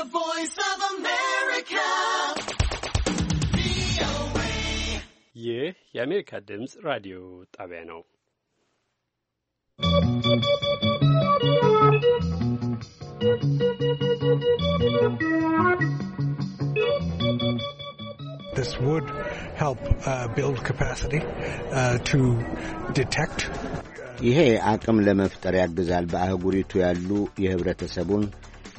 The Voice of America. ይህ የአሜሪካ ድምፅ ራዲዮ ጣቢያ ነው። This would help uh, build capacity uh, to detect. ይሄ አቅም ለመፍጠር ያግዛል። በአህጉሪቱ ያሉ የህብረተሰቡን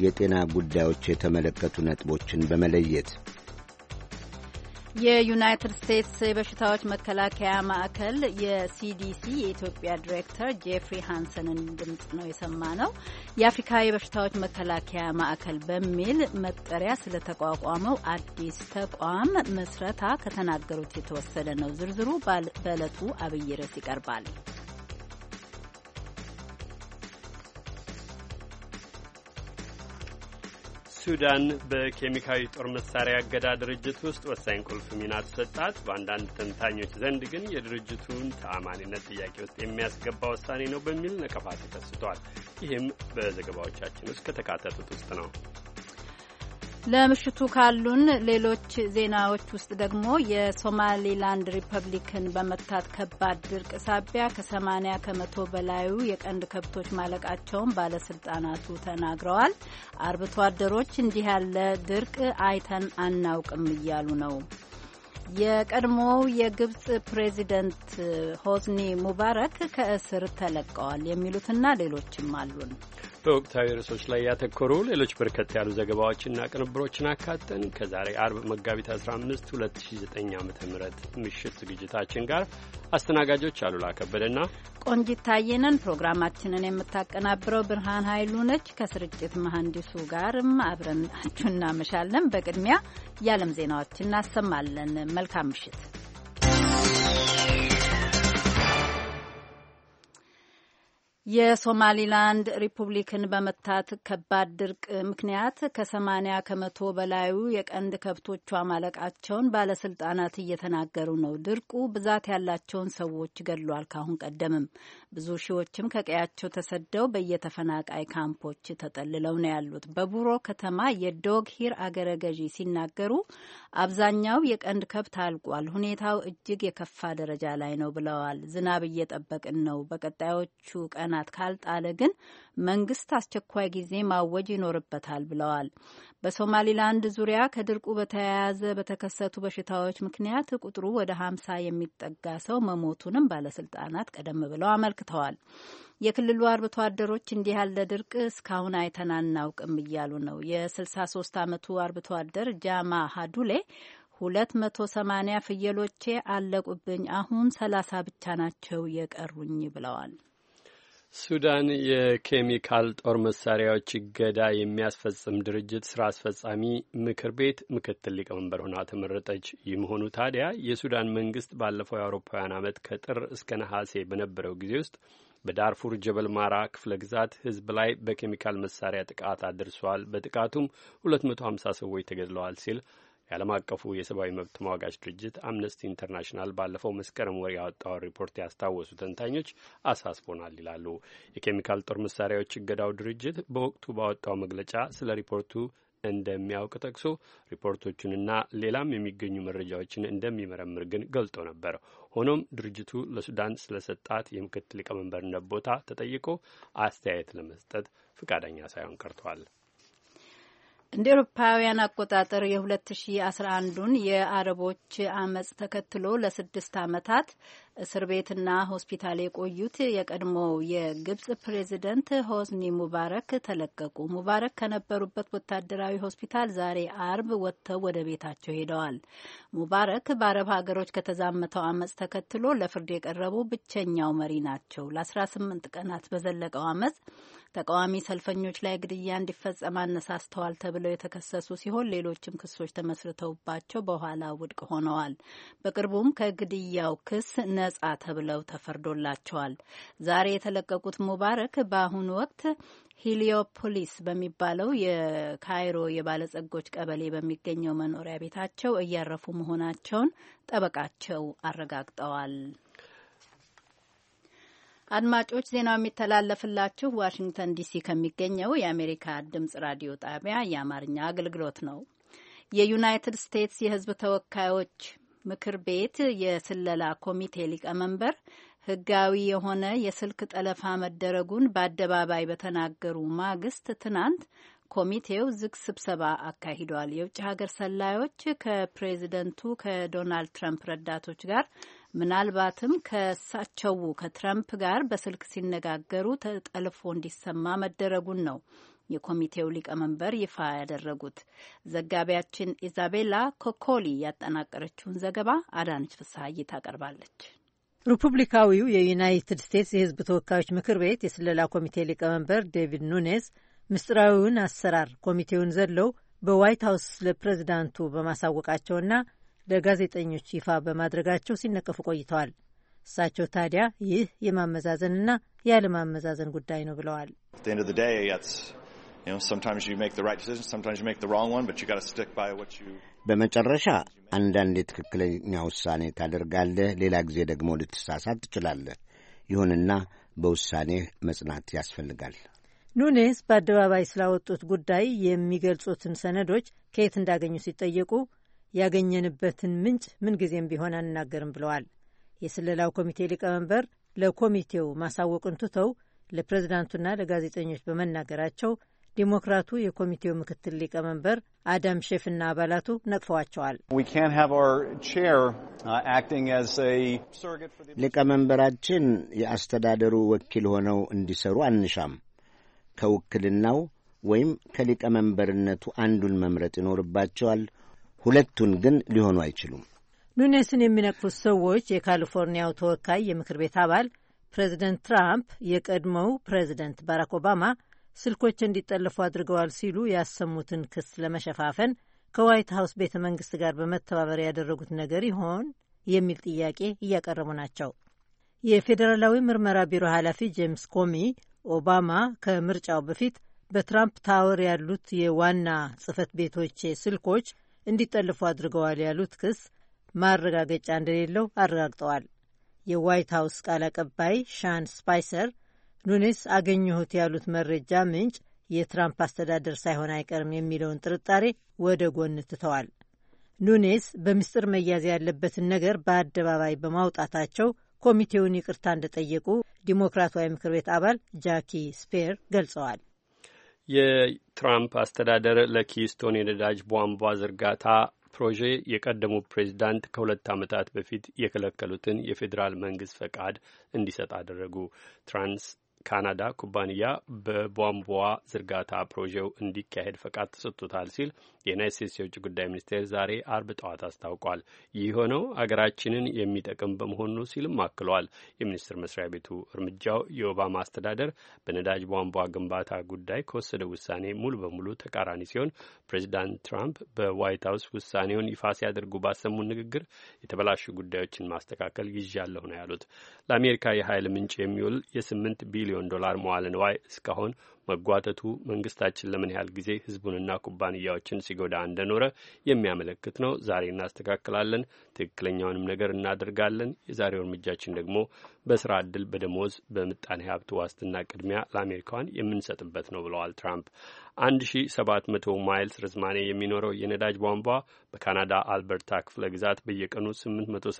የጤና ጉዳዮች የተመለከቱ ነጥቦችን በመለየት የዩናይትድ ስቴትስ የበሽታዎች መከላከያ ማዕከል የሲዲሲ የኢትዮጵያ ዲሬክተር ጄፍሪ ሃንሰንን ድምጽ ነው የሰማ ነው። የአፍሪካ የበሽታዎች መከላከያ ማዕከል በሚል መጠሪያ ስለተቋቋመው አዲስ ተቋም መስረታ ከተናገሩት የተወሰደ ነው። ዝርዝሩ በዕለቱ አብይ ርዕስ ይቀርባል። ሱዳን በኬሚካዊ ጦር መሳሪያ አገዳ ድርጅት ውስጥ ወሳኝ ቁልፍ ሚና ተሰጣት። በአንዳንድ ተንታኞች ዘንድ ግን የድርጅቱን ተአማኒነት ጥያቄ ውስጥ የሚያስገባ ውሳኔ ነው በሚል ነቀፋ ተከስቷል። ይህም በዘገባዎቻችን ውስጥ ከተካተቱት ውስጥ ነው። ለምሽቱ ካሉን ሌሎች ዜናዎች ውስጥ ደግሞ የሶማሌላንድ ሪፐብሊክን በመታት ከባድ ድርቅ ሳቢያ ከ ከመቶ በላዩ የቀንድ ከብቶች ማለቃቸውን ባለስልጣናቱ ተናግረዋል። አርብቶ አደሮች እንዲህ ያለ ድርቅ አይተን አናውቅም እያሉ ነው። የቀድሞው የግብጽ ፕሬዚደንት ሆስኒ ሙባረክ ከእስር ተለቀዋል። የሚሉትና ሌሎችም አሉን። በወቅታዊ ርዕሶች ላይ ያተኮሩ ሌሎች በርከት ያሉ ዘገባዎችና ቅንብሮችን አካተን ከዛሬ አርብ መጋቢት 15 2009 ዓ ም ምሽት ዝግጅታችን ጋር አስተናጋጆች አሉላ ከበደና ቆንጂት ታየነን። ፕሮግራማችንን የምታቀናብረው ብርሃን ኃይሉ ነች። ከስርጭት መሐንዲሱ ጋርም አብረናችሁ እናመሻለን። በቅድሚያ የዓለም ዜናዎችን እናሰማለን። መልካም ምሽት። የሶማሊላንድ ሪፑብሊክን በመታት ከባድ ድርቅ ምክንያት ከሰማኒያ ከመቶ በላዩ የቀንድ ከብቶቿ ማለቃቸውን ባለስልጣናት እየተናገሩ ነው። ድርቁ ብዛት ያላቸውን ሰዎች ገድሏል። ካሁን ቀደምም ብዙ ሺዎችም ከቀያቸው ተሰደው በየተፈናቃይ ካምፖች ተጠልለው ነው ያሉት። በቡሮ ከተማ የዶግ ሂር አገረ ገዢ ሲናገሩ አብዛኛው የቀንድ ከብት አልቋል፣ ሁኔታው እጅግ የከፋ ደረጃ ላይ ነው ብለዋል። ዝናብ እየጠበቅን ነው። በቀጣዮቹ ቀናት ካልጣለ ግን መንግስት አስቸኳይ ጊዜ ማወጅ ይኖርበታል ብለዋል። በሶማሊላንድ ዙሪያ ከድርቁ በተያያዘ በተከሰቱ በሽታዎች ምክንያት ቁጥሩ ወደ ሀምሳ የሚጠጋ ሰው መሞቱንም ባለስልጣናት ቀደም ብለው አመልክተዋል። የክልሉ አርብቶ አደሮች እንዲህ ያለ ድርቅ እስካሁን አይተን አናውቅም እያሉ ነው። የ63 ዓመቱ አርብቶ አደር ጃማ ሀዱሌ ሁለት ፍየሎቼ አለቁብኝ፣ አሁን ሰላሳ ብቻ ናቸው የቀሩኝ ብለዋል። ሱዳን የኬሚካል ጦር መሳሪያዎች እገዳ የሚያስፈጽም ድርጅት ስራ አስፈጻሚ ምክር ቤት ምክትል ሊቀመንበር ሆና ተመረጠች። ይህ መሆኑ ታዲያ የሱዳን መንግስት ባለፈው የአውሮፓውያን ዓመት ከጥር እስከ ነሐሴ በነበረው ጊዜ ውስጥ በዳርፉር ጀበል ማራ ክፍለ ግዛት ህዝብ ላይ በኬሚካል መሳሪያ ጥቃት አድርሷል፣ በጥቃቱም 250 ሰዎች ተገድለዋል ሲል የዓለም አቀፉ የሰብአዊ መብት ተሟጋች ድርጅት አምነስቲ ኢንተርናሽናል ባለፈው መስከረም ወር ያወጣውን ሪፖርት ያስታወሱ ተንታኞች አሳስቦናል ይላሉ። የኬሚካል ጦር መሳሪያዎች እገዳው ድርጅት በወቅቱ ባወጣው መግለጫ ስለ ሪፖርቱ እንደሚያውቅ ጠቅሶ ሪፖርቶቹንና ሌላም የሚገኙ መረጃዎችን እንደሚመረምር ግን ገልጦ ነበር። ሆኖም ድርጅቱ ለሱዳን ስለሰጣት የምክትል ሊቀመንበርነት ቦታ ተጠይቆ አስተያየት ለመስጠት ፈቃደኛ ሳይሆን ቀርቷል። እንደ ኤሮፓውያን አቆጣጠር የ2011ን የአረቦች አመፅ ተከትሎ ለስድስት ዓመታት እስር ቤትና ሆስፒታል የቆዩት የቀድሞው የግብጽ ፕሬዚደንት ሆስኒ ሙባረክ ተለቀቁ። ሙባረክ ከነበሩበት ወታደራዊ ሆስፒታል ዛሬ አርብ ወጥተው ወደ ቤታቸው ሄደዋል። ሙባረክ በአረብ ሀገሮች ከተዛመተው አመፅ ተከትሎ ለፍርድ የቀረቡ ብቸኛው መሪ ናቸው። ለ18 ቀናት በዘለቀው አመፅ ተቃዋሚ ሰልፈኞች ላይ ግድያ እንዲፈጸም አነሳስተዋል ተብለው የተከሰሱ ሲሆን ሌሎችም ክሶች ተመስርተውባቸው በኋላ ውድቅ ሆነዋል። በቅርቡም ከግድያው ክስ ነጻ ተብለው ተፈርዶላቸዋል። ዛሬ የተለቀቁት ሙባረክ በአሁኑ ወቅት ሂሊዮፖሊስ በሚባለው የካይሮ የባለጸጎች ቀበሌ በሚገኘው መኖሪያ ቤታቸው እያረፉ መሆናቸውን ጠበቃቸው አረጋግጠዋል። አድማጮች ዜናው የሚተላለፍላችሁ ዋሽንግተን ዲሲ ከሚገኘው የአሜሪካ ድምጽ ራዲዮ ጣቢያ የአማርኛ አገልግሎት ነው። የዩናይትድ ስቴትስ የሕዝብ ተወካዮች ምክር ቤት የስለላ ኮሚቴ ሊቀመንበር ህጋዊ የሆነ የስልክ ጠለፋ መደረጉን በአደባባይ በተናገሩ ማግስት ትናንት ኮሚቴው ዝግ ስብሰባ አካሂዷል። የውጭ ሀገር ሰላዮች ከፕሬዚደንቱ ከዶናልድ ትራምፕ ረዳቶች ጋር ምናልባትም ከሳቸው ከትራምፕ ጋር በስልክ ሲነጋገሩ ተጠልፎ እንዲሰማ መደረጉን ነው የኮሚቴው ሊቀመንበር ይፋ ያደረጉት። ዘጋቢያችን ኢዛቤላ ኮኮሊ ያጠናቀረችውን ዘገባ አዳነች ፍሳ ታቀርባለች። ሪፑብሊካዊው የዩናይትድ ስቴትስ የሕዝብ ተወካዮች ምክር ቤት የስለላ ኮሚቴ ሊቀመንበር ዴቪድ ኑኔዝ ምስጢራዊውን አሰራር ኮሚቴውን ዘለው በዋይት ሀውስ ለፕሬዚዳንቱ በማሳወቃቸውና ለጋዜጠኞች ይፋ በማድረጋቸው ሲነቀፉ ቆይተዋል። እሳቸው ታዲያ ይህ የማመዛዘንና ያለማመዛዘን ጉዳይ ነው ብለዋል። you know, sometimes you make the right decision, sometimes you make the wrong one, but you got to stick by what you በመጨረሻ አንዳንዴ ትክክለኛ ውሳኔ ታደርጋለህ፣ ሌላ ጊዜ ደግሞ ልትሳሳት ትችላለህ። ይሁንና በውሳኔ መጽናት ያስፈልጋል። ኑኔስ በአደባባይ ስላወጡት ጉዳይ የሚገልጹትን ሰነዶች ከየት እንዳገኙ ሲጠየቁ ያገኘንበትን ምንጭ ምንጊዜም ቢሆን አንናገርም ብለዋል። የስለላው ኮሚቴ ሊቀመንበር ለኮሚቴው ማሳወቅን ትተው ለፕሬዝዳንቱና ለጋዜጠኞች በመናገራቸው ዲሞክራቱ የኮሚቴው ምክትል ሊቀመንበር አዳም ሼፍና አባላቱ ነቅፈዋቸዋል። uh, ሊቀመንበራችን የአስተዳደሩ ወኪል ሆነው እንዲሰሩ አንሻም። ከውክልናው ወይም ከሊቀመንበርነቱ አንዱን መምረጥ ይኖርባቸዋል። ሁለቱን ግን ሊሆኑ አይችሉም። ኑኔስን የሚነቅፉት ሰዎች የካሊፎርኒያው ተወካይ የምክር ቤት አባል ፕሬዚደንት ትራምፕ፣ የቀድሞው ፕሬዚደንት ባራክ ኦባማ ስልኮች እንዲጠለፉ አድርገዋል ሲሉ ያሰሙትን ክስ ለመሸፋፈን ከዋይት ሀውስ ቤተ መንግስት ጋር በመተባበር ያደረጉት ነገር ይሆን የሚል ጥያቄ እያቀረቡ ናቸው። የፌዴራላዊ ምርመራ ቢሮ ኃላፊ ጄምስ ኮሚ ኦባማ ከምርጫው በፊት በትራምፕ ታወር ያሉት የዋና ጽህፈት ቤቶች ስልኮች እንዲጠልፉ አድርገዋል ያሉት ክስ ማረጋገጫ እንደሌለው አረጋግጠዋል። የዋይት ሀውስ ቃል አቀባይ ሻን ስፓይሰር ኑኔስ አገኘሁት ያሉት መረጃ ምንጭ የትራምፕ አስተዳደር ሳይሆን አይቀርም የሚለውን ጥርጣሬ ወደ ጎን ትተዋል። ኑኔስ በምስጢር መያዝ ያለበትን ነገር በአደባባይ በማውጣታቸው ኮሚቴውን ይቅርታ እንደጠየቁ ዲሞክራታዊ ምክር ቤት አባል ጃኪ ስፔር ገልጸዋል። የትራምፕ አስተዳደር ለኪስቶን የነዳጅ ቧንቧ ዝርጋታ ፕሮጄ የቀደሙ ፕሬዚዳንት ከሁለት ዓመታት በፊት የከለከሉትን የፌዴራል መንግስት ፈቃድ እንዲሰጥ አደረጉ። ካናዳ ኩባንያ በቧንቧ ዝርጋታ ፕሮጀው እንዲካሄድ ፈቃድ ተሰጥቶታል ሲል የዩናይት ስቴትስ የውጭ ጉዳይ ሚኒስቴር ዛሬ አርብ ጠዋት አስታውቋል። ይህ ሆነው አገራችንን የሚጠቅም በመሆኑ ሲልም አክሏል። የሚኒስቴር መስሪያ ቤቱ እርምጃው የኦባማ አስተዳደር በነዳጅ ቧንቧ ግንባታ ጉዳይ ከወሰደ ውሳኔ ሙሉ በሙሉ ተቃራኒ ሲሆን ፕሬዚዳንት ትራምፕ በዋይት ሀውስ ውሳኔውን ይፋ ሲያደርጉ ባሰሙ ንግግር የተበላሹ ጉዳዮችን ማስተካከል ይዣለሁ ነው ያሉት። ለአሜሪካ የኃይል ምንጭ የሚውል የስምንት ቢሊዮን ቢሊዮን ዶላር መዋለ ንዋይ እስካሁን መጓተቱ መንግስታችን ለምን ያህል ጊዜ ህዝቡንና ኩባንያዎችን ሲጎዳ እንደኖረ የሚያመለክት ነው። ዛሬ እናስተካክላለን፣ ትክክለኛውንም ነገር እናደርጋለን። የዛሬው እርምጃችን ደግሞ በስራ እድል፣ በደሞዝ፣ በምጣኔ ሀብት ዋስትና ቅድሚያ ለአሜሪካን የምንሰጥበት ነው ብለዋል ትራምፕ። ሺ መቶ ማይልስ ርዝማኔ የሚኖረው የነዳጅ ቧንቧ በካናዳ አልበርታ ክፍለ ግዛት በየቀኑ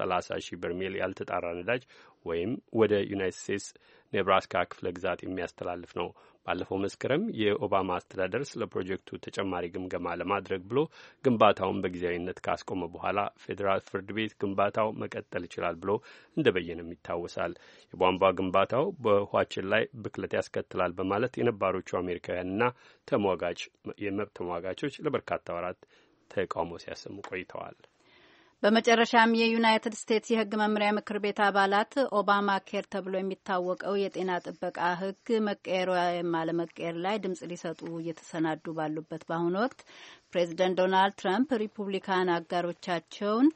ሰላሳ ሺህ በርሜል ያልተጣራ ነዳጅ ወይም ወደ ዩናይትድ ስቴትስ ኔብራስካ ክፍለ ግዛት የሚያስተላልፍ ነው። ባለፈው መስከረም የኦባማ አስተዳደር ስለ ፕሮጀክቱ ተጨማሪ ግምገማ ለማድረግ ብሎ ግንባታውን በጊዜያዊነት ካስቆመ በኋላ ፌዴራል ፍርድ ቤት ግንባታው መቀጠል ይችላል ብሎ እንደበየነም ይታወሳል። የቧንቧ ግንባታው በውሃችን ላይ ብክለት ያስከትላል በማለት የነባሮቹ አሜሪካውያንና ተሟጋች የመብት ተሟጋቾች ለበርካታ ወራት ተቃውሞ ሲያሰሙ ቆይተዋል። በመጨረሻም የዩናይትድ ስቴትስ የሕግ መምሪያ ምክር ቤት አባላት ኦባማ ኬር ተብሎ የሚታወቀው የጤና ጥበቃ ሕግ መቀየር ወይም አለመቀየር ላይ ድምጽ ሊሰጡ እየተሰናዱ ባሉበት በአሁኑ ወቅት ፕሬዚደንት ዶናልድ ትራምፕ ሪፑብሊካን አጋሮቻቸውን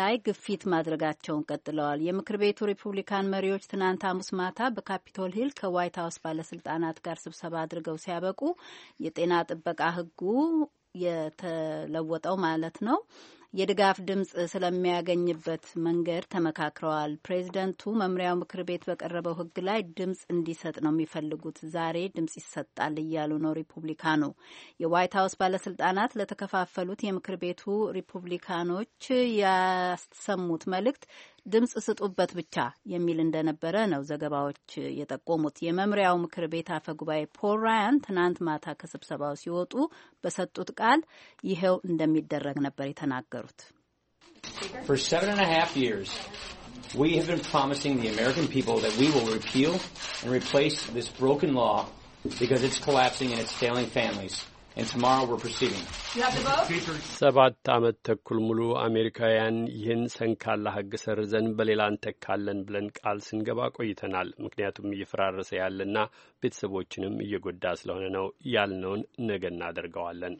ላይ ግፊት ማድረጋቸውን ቀጥለዋል። የምክር ቤቱ ሪፑብሊካን መሪዎች ትናንት ሐሙስ ማታ በካፒቶል ሂል ከዋይት ሀውስ ባለስልጣናት ጋር ስብሰባ አድርገው ሲያበቁ የጤና ጥበቃ ሕጉ የተለወጠው ማለት ነው የድጋፍ ድምፅ ስለሚያገኝበት መንገድ ተመካክረዋል። ፕሬዚደንቱ መምሪያው ምክር ቤት በቀረበው ሕግ ላይ ድምፅ እንዲሰጥ ነው የሚፈልጉት። ዛሬ ድምፅ ይሰጣል እያሉ ነው ሪፑብሊካኑ። የዋይት ሀውስ ባለስልጣናት ለተከፋፈሉት የምክር ቤቱ ሪፑብሊካኖች ያሰሙት መልእክት ድምፅ ስጡበት ብቻ የሚል እንደነበረ ነው ዘገባዎች የጠቆሙት። የመምሪያው ምክር ቤት አፈ ጉባኤ ፖል ራያን ትናንት ማታ ከስብሰባው ሲወጡ በሰጡት ቃል ይኸው እንደሚደረግ ነበር የተናገሩት። ሪፕሌስ ዲስ ብሮከን ላ ቢካዝ ኢትስ ኮላፕሲንግ ኤንድ ኢትስ ፌይሊንግ ፋሚሊስ ሰባት ዓመት ተኩል ሙሉ አሜሪካውያን ይህን ሰንካላ ሕግ ሰርዘን በሌላ እንተካለን ብለን ቃል ስንገባ ቆይተናል። ምክንያቱም እየፈራረሰ ያለና ቤተሰቦችንም እየጎዳ ስለሆነ ነው ያልነውን ነገ እናደርገዋለን።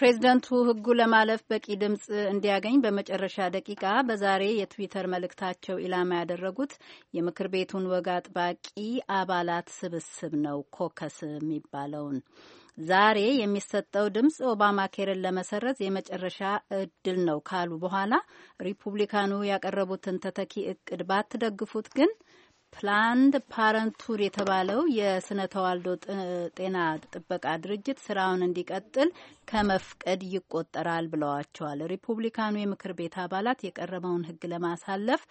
ፕሬዚደንቱ ህጉ ለማለፍ በቂ ድምፅ እንዲያገኝ በመጨረሻ ደቂቃ በዛሬ የትዊተር መልእክታቸው ኢላማ ያደረጉት የምክር ቤቱን ወግ አጥባቂ አባላት ስብስብ ነው ኮከስ የሚባለውን ዛሬ የሚሰጠው ድምፅ ኦባማ ኬርን ለመሰረዝ የመጨረሻ እድል ነው ካሉ በኋላ ሪፑብሊካኑ ያቀረቡትን ተተኪ እቅድ ባትደግፉት ግን ፕላንድ ፓረንቱድ የተባለው የስነ ተዋልዶ ጤና ጥበቃ ድርጅት ስራውን እንዲቀጥል ከመፍቀድ ይቆጠራል ብለዋቸዋል። ሪፑብሊካኑ የምክር ቤት አባላት የቀረበውን ሕግ ለማሳለፍ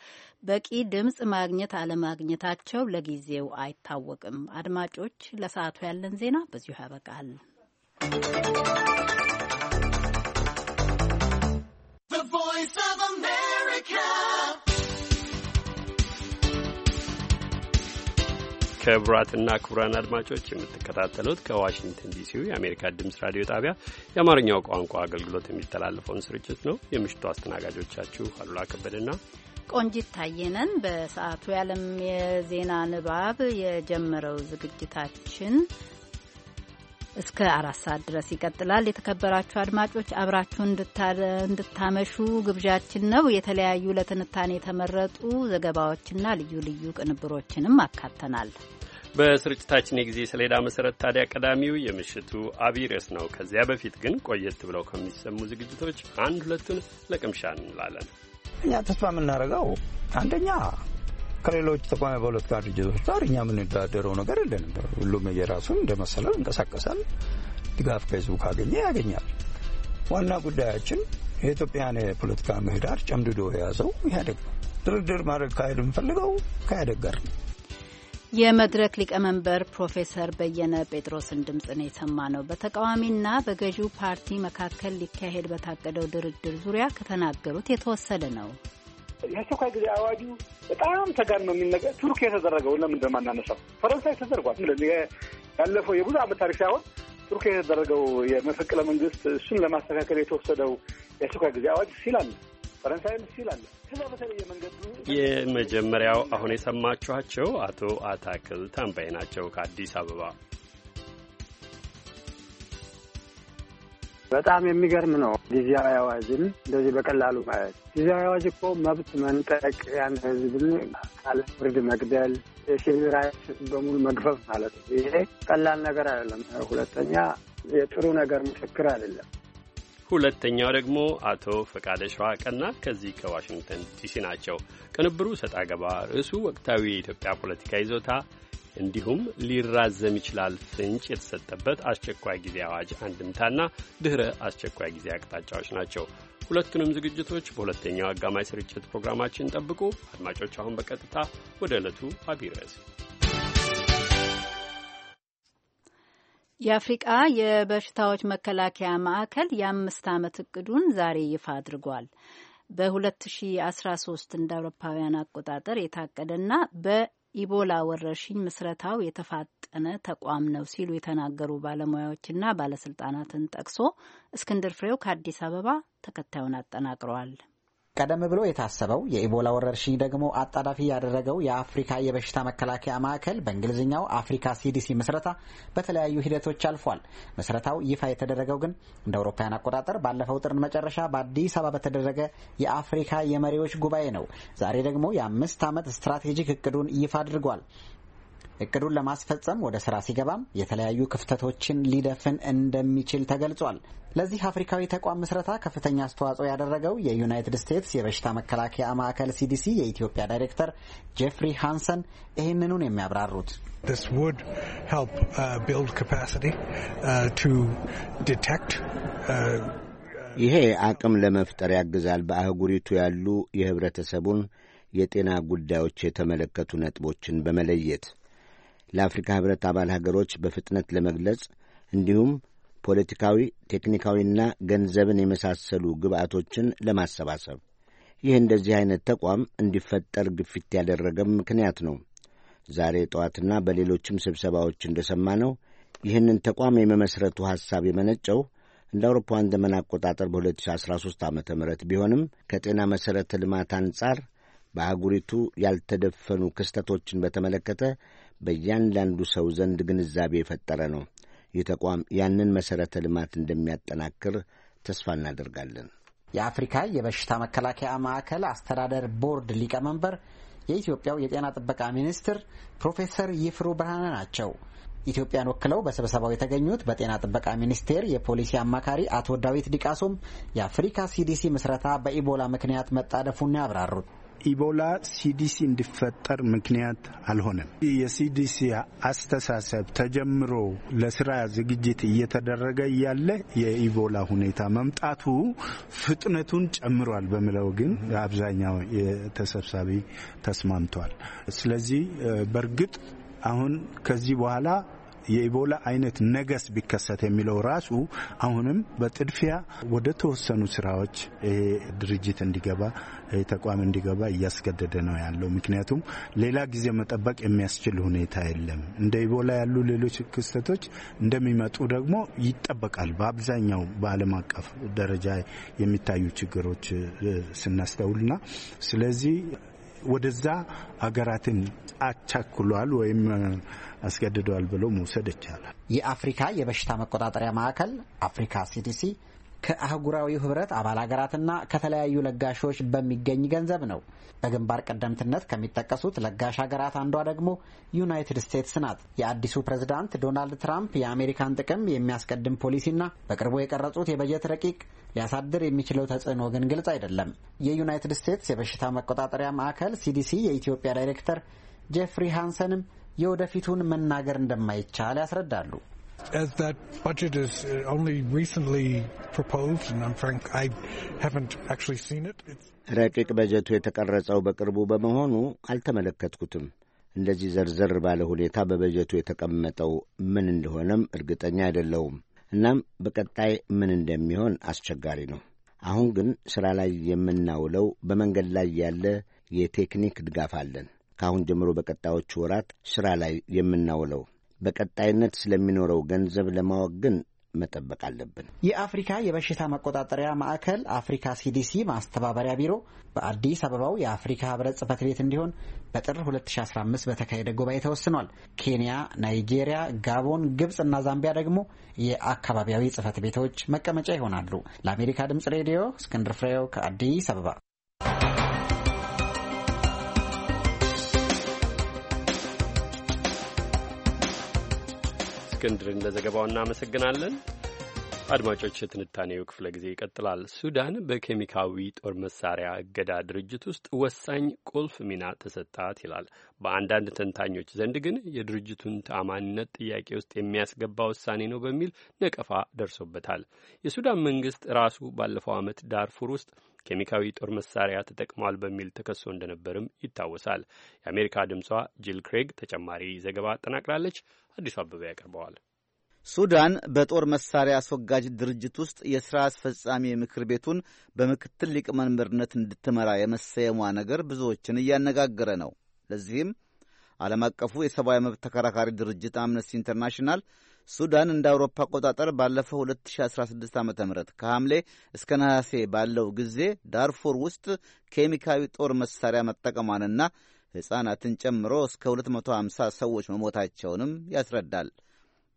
በቂ ድምፅ ማግኘት አለማግኘታቸው ለጊዜው አይታወቅም። አድማጮች፣ ለሰዓቱ ያለን ዜና በዚሁ ያበቃል። ክቡራትና ክቡራን አድማጮች የምትከታተሉት ከዋሽንግተን ዲሲው የአሜሪካ ድምፅ ራዲዮ ጣቢያ የአማርኛው ቋንቋ አገልግሎት የሚተላለፈውን ስርጭት ነው። የምሽቱ አስተናጋጆቻችሁ አሉላ ከበደና ቆንጂት ታየነን። በሰዓቱ የዓለም የዜና ንባብ የጀመረው ዝግጅታችን እስከ አራት ሰዓት ድረስ ይቀጥላል። የተከበራችሁ አድማጮች አብራችሁ እንድታመሹ ግብዣችን ነው። የተለያዩ ለትንታኔ የተመረጡ ዘገባዎችና ልዩ ልዩ ቅንብሮችንም አካተናል። በስርጭታችን የጊዜ ሰሌዳ መሰረት ታዲያ ቀዳሚው የምሽቱ አብይ ርዕስ ነው። ከዚያ በፊት ግን ቆየት ብለው ከሚሰሙ ዝግጅቶች አንድ ሁለቱን ለቅምሻ እንላለን። እኛ ተስፋ የምናደርገው አንደኛ ከሌሎች ተቋሚ ፖለቲካ ድርጅቶች ጋር እኛ የምንደራደረው ነገር የለንም። ሁሉም የራሱን እንደመሰለው እንቀሳቀሳል። ድጋፍ ከህዝቡ ካገኘ ያገኛል። ዋና ጉዳያችን የኢትዮጵያን የፖለቲካ ምህዳር ጨምድዶ የያዘው ኢህአዴግ ነው። ድርድር ማድረግ ካሄድ የምፈልገው ከኢህአዴግ ጋር ነው። የመድረክ ሊቀመንበር ፕሮፌሰር በየነ ጴጥሮስን ድምፅ ነው ነው። በተቃዋሚና በገዢው ፓርቲ መካከል ሊካሄድ በታቀደው ድርድር ዙሪያ ከተናገሩት የተወሰደ ነው። የአስቸኳይ ጊዜ አዋጁ በጣም ተጋን ነው የሚነገ ቱርክ የተደረገው ለምን እንደማናነሳው ፈረንሳይ ተደርጓል። ያለፈው የብዙ ዓመት ታሪክ ሳይሆን ቱርክ የተደረገው የመፈቅለ መንግስት እሱን ለማስተካከል የተወሰደው የአስቸኳይ ጊዜ አዋጅ ሲላለ ፈረንሳይም ሲላለ የመጀመሪያው አሁን የሰማችኋቸው አቶ አታክል ታምባይ ናቸው ከአዲስ አበባ በጣም የሚገርም ነው። ጊዜያዊ አዋጅን እንደዚህ በቀላሉ ማለት ጊዜያዊ አዋጅ እኮ መብት መንጠቅ፣ ያን ህዝብን ካለ ፍርድ መግደል፣ የሲቪል ራይት በሙሉ መግፈፍ ማለት ነው። ይሄ ቀላል ነገር አይደለም። ሁለተኛ የጥሩ ነገር ምስክር አይደለም። ሁለተኛው ደግሞ አቶ ፈቃደ ሸዋቀና ከዚህ ከዋሽንግተን ዲሲ ናቸው። ቅንብሩ ሰጣ ገባ፣ ርዕሱ ወቅታዊ የኢትዮጵያ ፖለቲካ ይዞታ እንዲሁም ሊራዘም ይችላል ፍንጭ የተሰጠበት አስቸኳይ ጊዜ አዋጅ አንድምታና ድኅረ አስቸኳይ ጊዜ አቅጣጫዎች ናቸው። ሁለቱንም ዝግጅቶች በሁለተኛው አጋማሽ ስርጭት ፕሮግራማችን ጠብቁ። አድማጮች፣ አሁን በቀጥታ ወደ ዕለቱ አቢረስ የአፍሪቃ የበሽታዎች መከላከያ ማዕከል የአምስት ዓመት እቅዱን ዛሬ ይፋ አድርጓል። በ2013 እንደ አውሮፓውያን አቆጣጠር የታቀደና በ ኢቦላ ወረርሽኝ ምስረታው የተፋጠነ ተቋም ነው ሲሉ የተናገሩ ባለሙያዎችና ባለስልጣናትን ጠቅሶ እስክንድር ፍሬው ከአዲስ አበባ ተከታዩን አጠናቅረዋል። ቀደም ብሎ የታሰበው የኢቦላ ወረርሽኝ ደግሞ አጣዳፊ ያደረገው የአፍሪካ የበሽታ መከላከያ ማዕከል በእንግሊዝኛው አፍሪካ ሲዲሲ ምስረታ በተለያዩ ሂደቶች አልፏል። ምስረታው ይፋ የተደረገው ግን እንደ አውሮፓውያን አቆጣጠር ባለፈው ጥርን መጨረሻ በአዲስ አበባ በተደረገ የአፍሪካ የመሪዎች ጉባኤ ነው። ዛሬ ደግሞ የአምስት ዓመት ስትራቴጂክ እቅዱን ይፋ አድርጓል። እቅዱን ለማስፈጸም ወደ ስራ ሲገባም የተለያዩ ክፍተቶችን ሊደፍን እንደሚችል ተገልጿል። ለዚህ አፍሪካዊ ተቋም ምስረታ ከፍተኛ አስተዋጽኦ ያደረገው የዩናይትድ ስቴትስ የበሽታ መከላከያ ማዕከል ሲዲሲ የኢትዮጵያ ዳይሬክተር ጄፍሪ ሃንሰን ይህንኑን የሚያብራሩት This would help uh, build capacity uh, to detect uh, ይሄ አቅም ለመፍጠር ያግዛል። በአህጉሪቱ ያሉ የህብረተሰቡን የጤና ጉዳዮች የተመለከቱ ነጥቦችን በመለየት ለአፍሪካ ህብረት አባል ሀገሮች በፍጥነት ለመግለጽ እንዲሁም ፖለቲካዊ፣ ቴክኒካዊና ገንዘብን የመሳሰሉ ግብአቶችን ለማሰባሰብ ይህ እንደዚህ አይነት ተቋም እንዲፈጠር ግፊት ያደረገም ምክንያት ነው። ዛሬ ጠዋትና በሌሎችም ስብሰባዎች እንደሰማነው ይህንን ተቋም የመመስረቱ ሐሳብ የመነጨው እንደ አውሮፓውያን ዘመን አቆጣጠር በ2013 ዓ ም ቢሆንም ከጤና መሠረተ ልማት አንጻር በአህጉሪቱ ያልተደፈኑ ክስተቶችን በተመለከተ በእያንዳንዱ ሰው ዘንድ ግንዛቤ የፈጠረ ነው። ይህ ተቋም ያንን መሠረተ ልማት እንደሚያጠናክር ተስፋ እናደርጋለን። የአፍሪካ የበሽታ መከላከያ ማዕከል አስተዳደር ቦርድ ሊቀመንበር የኢትዮጵያው የጤና ጥበቃ ሚኒስትር ፕሮፌሰር ይፍሩ ብርሃነ ናቸው። ኢትዮጵያን ወክለው በስብሰባው የተገኙት በጤና ጥበቃ ሚኒስቴር የፖሊሲ አማካሪ አቶ ዳዊት ዲቃሶም የአፍሪካ ሲዲሲ ምስረታ በኢቦላ ምክንያት መጣደፉን ያብራሩት ኢቦላ ሲዲሲ እንዲፈጠር ምክንያት አልሆነም። የሲዲሲ አስተሳሰብ ተጀምሮ ለስራ ዝግጅት እየተደረገ እያለ የኢቦላ ሁኔታ መምጣቱ ፍጥነቱን ጨምሯል በሚለው ግን አብዛኛው የተሰብሳቢ ተስማምቷል። ስለዚህ በእርግጥ አሁን ከዚህ በኋላ የኢቦላ አይነት ነገስ ቢከሰት የሚለው ራሱ አሁንም በጥድፊያ ወደ ተወሰኑ ስራዎች ይሄ ድርጅት እንዲገባ ይሄ ተቋም እንዲገባ እያስገደደ ነው ያለው። ምክንያቱም ሌላ ጊዜ መጠበቅ የሚያስችል ሁኔታ የለም። እንደ ኢቦላ ያሉ ሌሎች ክስተቶች እንደሚመጡ ደግሞ ይጠበቃል። በአብዛኛው በዓለም አቀፍ ደረጃ የሚታዩ ችግሮች ስናስተውልና ስለዚህ ወደዛ ሀገራትን አቻክሏል ወይም አስገድደዋል ብሎ መውሰድ ይቻላል። የአፍሪካ የበሽታ መቆጣጠሪያ ማዕከል አፍሪካ ሲዲሲ ከአህጉራዊ ህብረት አባል ሀገራትና ከተለያዩ ለጋሾች በሚገኝ ገንዘብ ነው። በግንባር ቀደምትነት ከሚጠቀሱት ለጋሽ ሀገራት አንዷ ደግሞ ዩናይትድ ስቴትስ ናት። የአዲሱ ፕሬዝዳንት ዶናልድ ትራምፕ የአሜሪካን ጥቅም የሚያስቀድም ፖሊሲና በቅርቡ የቀረጹት የበጀት ረቂቅ ሊያሳድር የሚችለው ተጽዕኖ ግን ግልጽ አይደለም። የዩናይትድ ስቴትስ የበሽታ መቆጣጠሪያ ማዕከል ሲዲሲ የኢትዮጵያ ዳይሬክተር ጄፍሪ ሃንሰንም የወደፊቱን መናገር እንደማይቻል ያስረዳሉ። As that budget is uh, only recently proposed, and I'm frank, I haven't actually seen it. ረቂቅ በጀቱ የተቀረጸው በቅርቡ በመሆኑ አልተመለከትኩትም። እንደዚህ ዘርዘር ባለ ሁኔታ በበጀቱ የተቀመጠው ምን እንደሆነም እርግጠኛ አይደለሁም። እናም በቀጣይ ምን እንደሚሆን አስቸጋሪ ነው። አሁን ግን ሥራ ላይ የምናውለው በመንገድ ላይ ያለ የቴክኒክ ድጋፍ አለን። ከአሁን ጀምሮ በቀጣዮቹ ወራት ሥራ ላይ የምናውለው በቀጣይነት ስለሚኖረው ገንዘብ ለማወቅ ግን መጠበቅ አለብን። የአፍሪካ የበሽታ መቆጣጠሪያ ማዕከል አፍሪካ ሲዲሲ ማስተባበሪያ ቢሮ በአዲስ አበባው የአፍሪካ ህብረት ጽህፈት ቤት እንዲሆን በጥር 2015 በተካሄደ ጉባኤ ተወስኗል። ኬንያ፣ ናይጄሪያ፣ ጋቦን፣ ግብፅ እና ዛምቢያ ደግሞ የአካባቢያዊ ጽህፈት ቤቶች መቀመጫ ይሆናሉ። ለአሜሪካ ድምጽ ሬዲዮ እስክንድር ፍሬው ከአዲስ አበባ እስክንድርን ለዘገባው እናመሰግናለን። አድማጮች የትንታኔው ክፍለ ጊዜ ይቀጥላል። ሱዳን በኬሚካዊ ጦር መሳሪያ እገዳ ድርጅት ውስጥ ወሳኝ ቁልፍ ሚና ተሰጣት ይላል። በአንዳንድ ተንታኞች ዘንድ ግን የድርጅቱን ተአማኒነት ጥያቄ ውስጥ የሚያስገባ ውሳኔ ነው በሚል ነቀፋ ደርሶበታል። የሱዳን መንግስት ራሱ ባለፈው ዓመት ዳርፉር ውስጥ ኬሚካዊ ጦር መሳሪያ ተጠቅሟል በሚል ተከሶ እንደነበርም ይታወሳል። የአሜሪካ ድምጿ ጂል ክሬግ ተጨማሪ ዘገባ አጠናቅራለች። አዲሱ አበበ ያቀርበዋል። ሱዳን በጦር መሳሪያ አስወጋጅ ድርጅት ውስጥ የሥራ አስፈጻሚ ምክር ቤቱን በምክትል ሊቀመንበርነት እንድትመራ የመሰየሟ ነገር ብዙዎችን እያነጋገረ ነው። ለዚህም ዓለም አቀፉ የሰብአዊ መብት ተከራካሪ ድርጅት አምነስቲ ኢንተርናሽናል ሱዳን እንደ አውሮፓ አቆጣጠር ባለፈው 2016 ዓ ም ከሐምሌ እስከ ነሐሴ ባለው ጊዜ ዳርፉር ውስጥ ኬሚካዊ ጦር መሳሪያ መጠቀሟንና ሕፃናትን ጨምሮ እስከ 250 ሰዎች መሞታቸውንም ያስረዳል።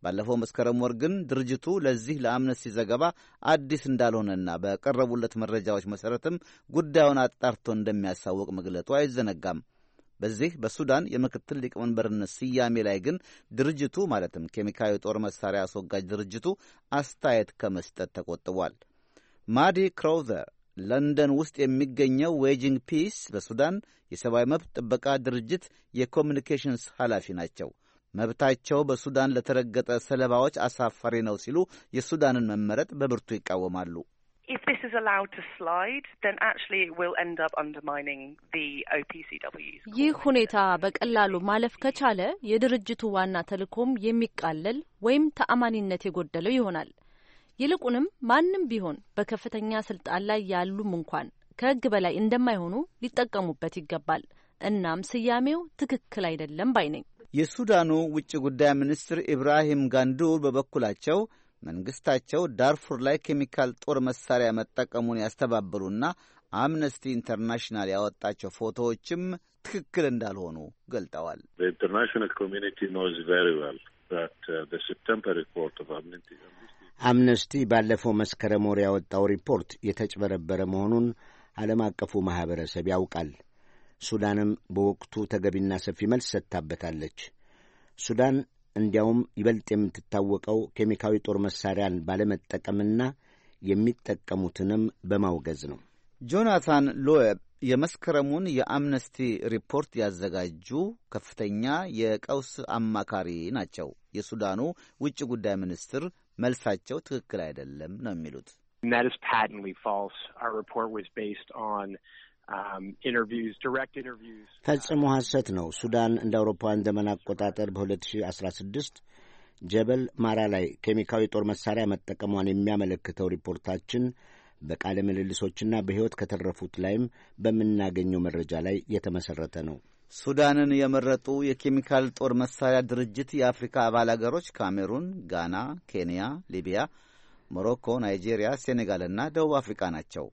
ባለፈው መስከረም ወር ግን ድርጅቱ ለዚህ ለአምነስቲ ዘገባ አዲስ እንዳልሆነና በቀረቡለት መረጃዎች መሠረትም ጉዳዩን አጣርቶ እንደሚያሳውቅ መግለጡ አይዘነጋም። በዚህ በሱዳን የምክትል ሊቀመንበርነት ስያሜ ላይ ግን ድርጅቱ ማለትም ኬሚካዊ ጦር መሳሪያ አስወጋጅ ድርጅቱ አስተያየት ከመስጠት ተቆጥቧል። ማዲ ክሮዘር ለንደን ውስጥ የሚገኘው ዌጂንግ ፒስ በሱዳን የሰብአዊ መብት ጥበቃ ድርጅት የኮሚኒኬሽንስ ኃላፊ ናቸው። መብታቸው በሱዳን ለተረገጠ ሰለባዎች አሳፋሪ ነው ሲሉ የሱዳንን መመረጥ በብርቱ ይቃወማሉ። ይህ ሁኔታ በቀላሉ ማለፍ ከቻለ የድርጅቱ ዋና ተልዕኮም የሚቃለል ወይም ተአማኒነት የጎደለው ይሆናል። ይልቁንም ማንም ቢሆን በከፍተኛ ስልጣን ላይ ያሉም እንኳን ከህግ በላይ እንደማይሆኑ ሊጠቀሙበት ይገባል። እናም ስያሜው ትክክል አይደለም ባይ ነኝ። የሱዳኑ ውጭ ጉዳይ ሚኒስትር ኢብራሂም ጋንዱር በበኩላቸው መንግሥታቸው ዳርፉር ላይ ኬሚካል ጦር መሣሪያ መጠቀሙን ያስተባበሉና አምነስቲ ኢንተርናሽናል ያወጣቸው ፎቶዎችም ትክክል እንዳልሆኑ ገልጠዋል። ኢንተርናሽናል ኮሚኒቲ ዌል አምነስቲ ባለፈው መስከረም ወር ያወጣው ሪፖርት የተጭበረበረ መሆኑን ዓለም አቀፉ ማኅበረሰብ ያውቃል። ሱዳንም በወቅቱ ተገቢና ሰፊ መልስ ሰጥታበታለች። ሱዳን እንዲያውም ይበልጥ የምትታወቀው ኬሚካዊ ጦር መሳሪያን ባለመጠቀምና የሚጠቀሙትንም በማውገዝ ነው። ጆናታን ሎዌብ የመስከረሙን የአምነስቲ ሪፖርት ያዘጋጁ ከፍተኛ የቀውስ አማካሪ ናቸው። የሱዳኑ ውጭ ጉዳይ ሚኒስትር መልሳቸው ትክክል አይደለም ነው የሚሉት Um, ፈጽሞ ሐሰት ነው። ሱዳን እንደ አውሮፓውያን ዘመን አቆጣጠር በ2016 ጀበል ማራ ላይ ኬሚካዊ ጦር መሳሪያ መጠቀሟን የሚያመለክተው ሪፖርታችን በቃለ ምልልሶችና በሕይወት ከተረፉት ላይም በምናገኘው መረጃ ላይ የተመሠረተ ነው። ሱዳንን የመረጡ የኬሚካል ጦር መሳሪያ ድርጅት የአፍሪካ አባል አገሮች ካሜሩን፣ ጋና፣ ኬንያ፣ ሊቢያ፣ ሞሮኮ፣ ናይጄሪያ፣ ሴኔጋልና ደቡብ አፍሪካ ናቸው።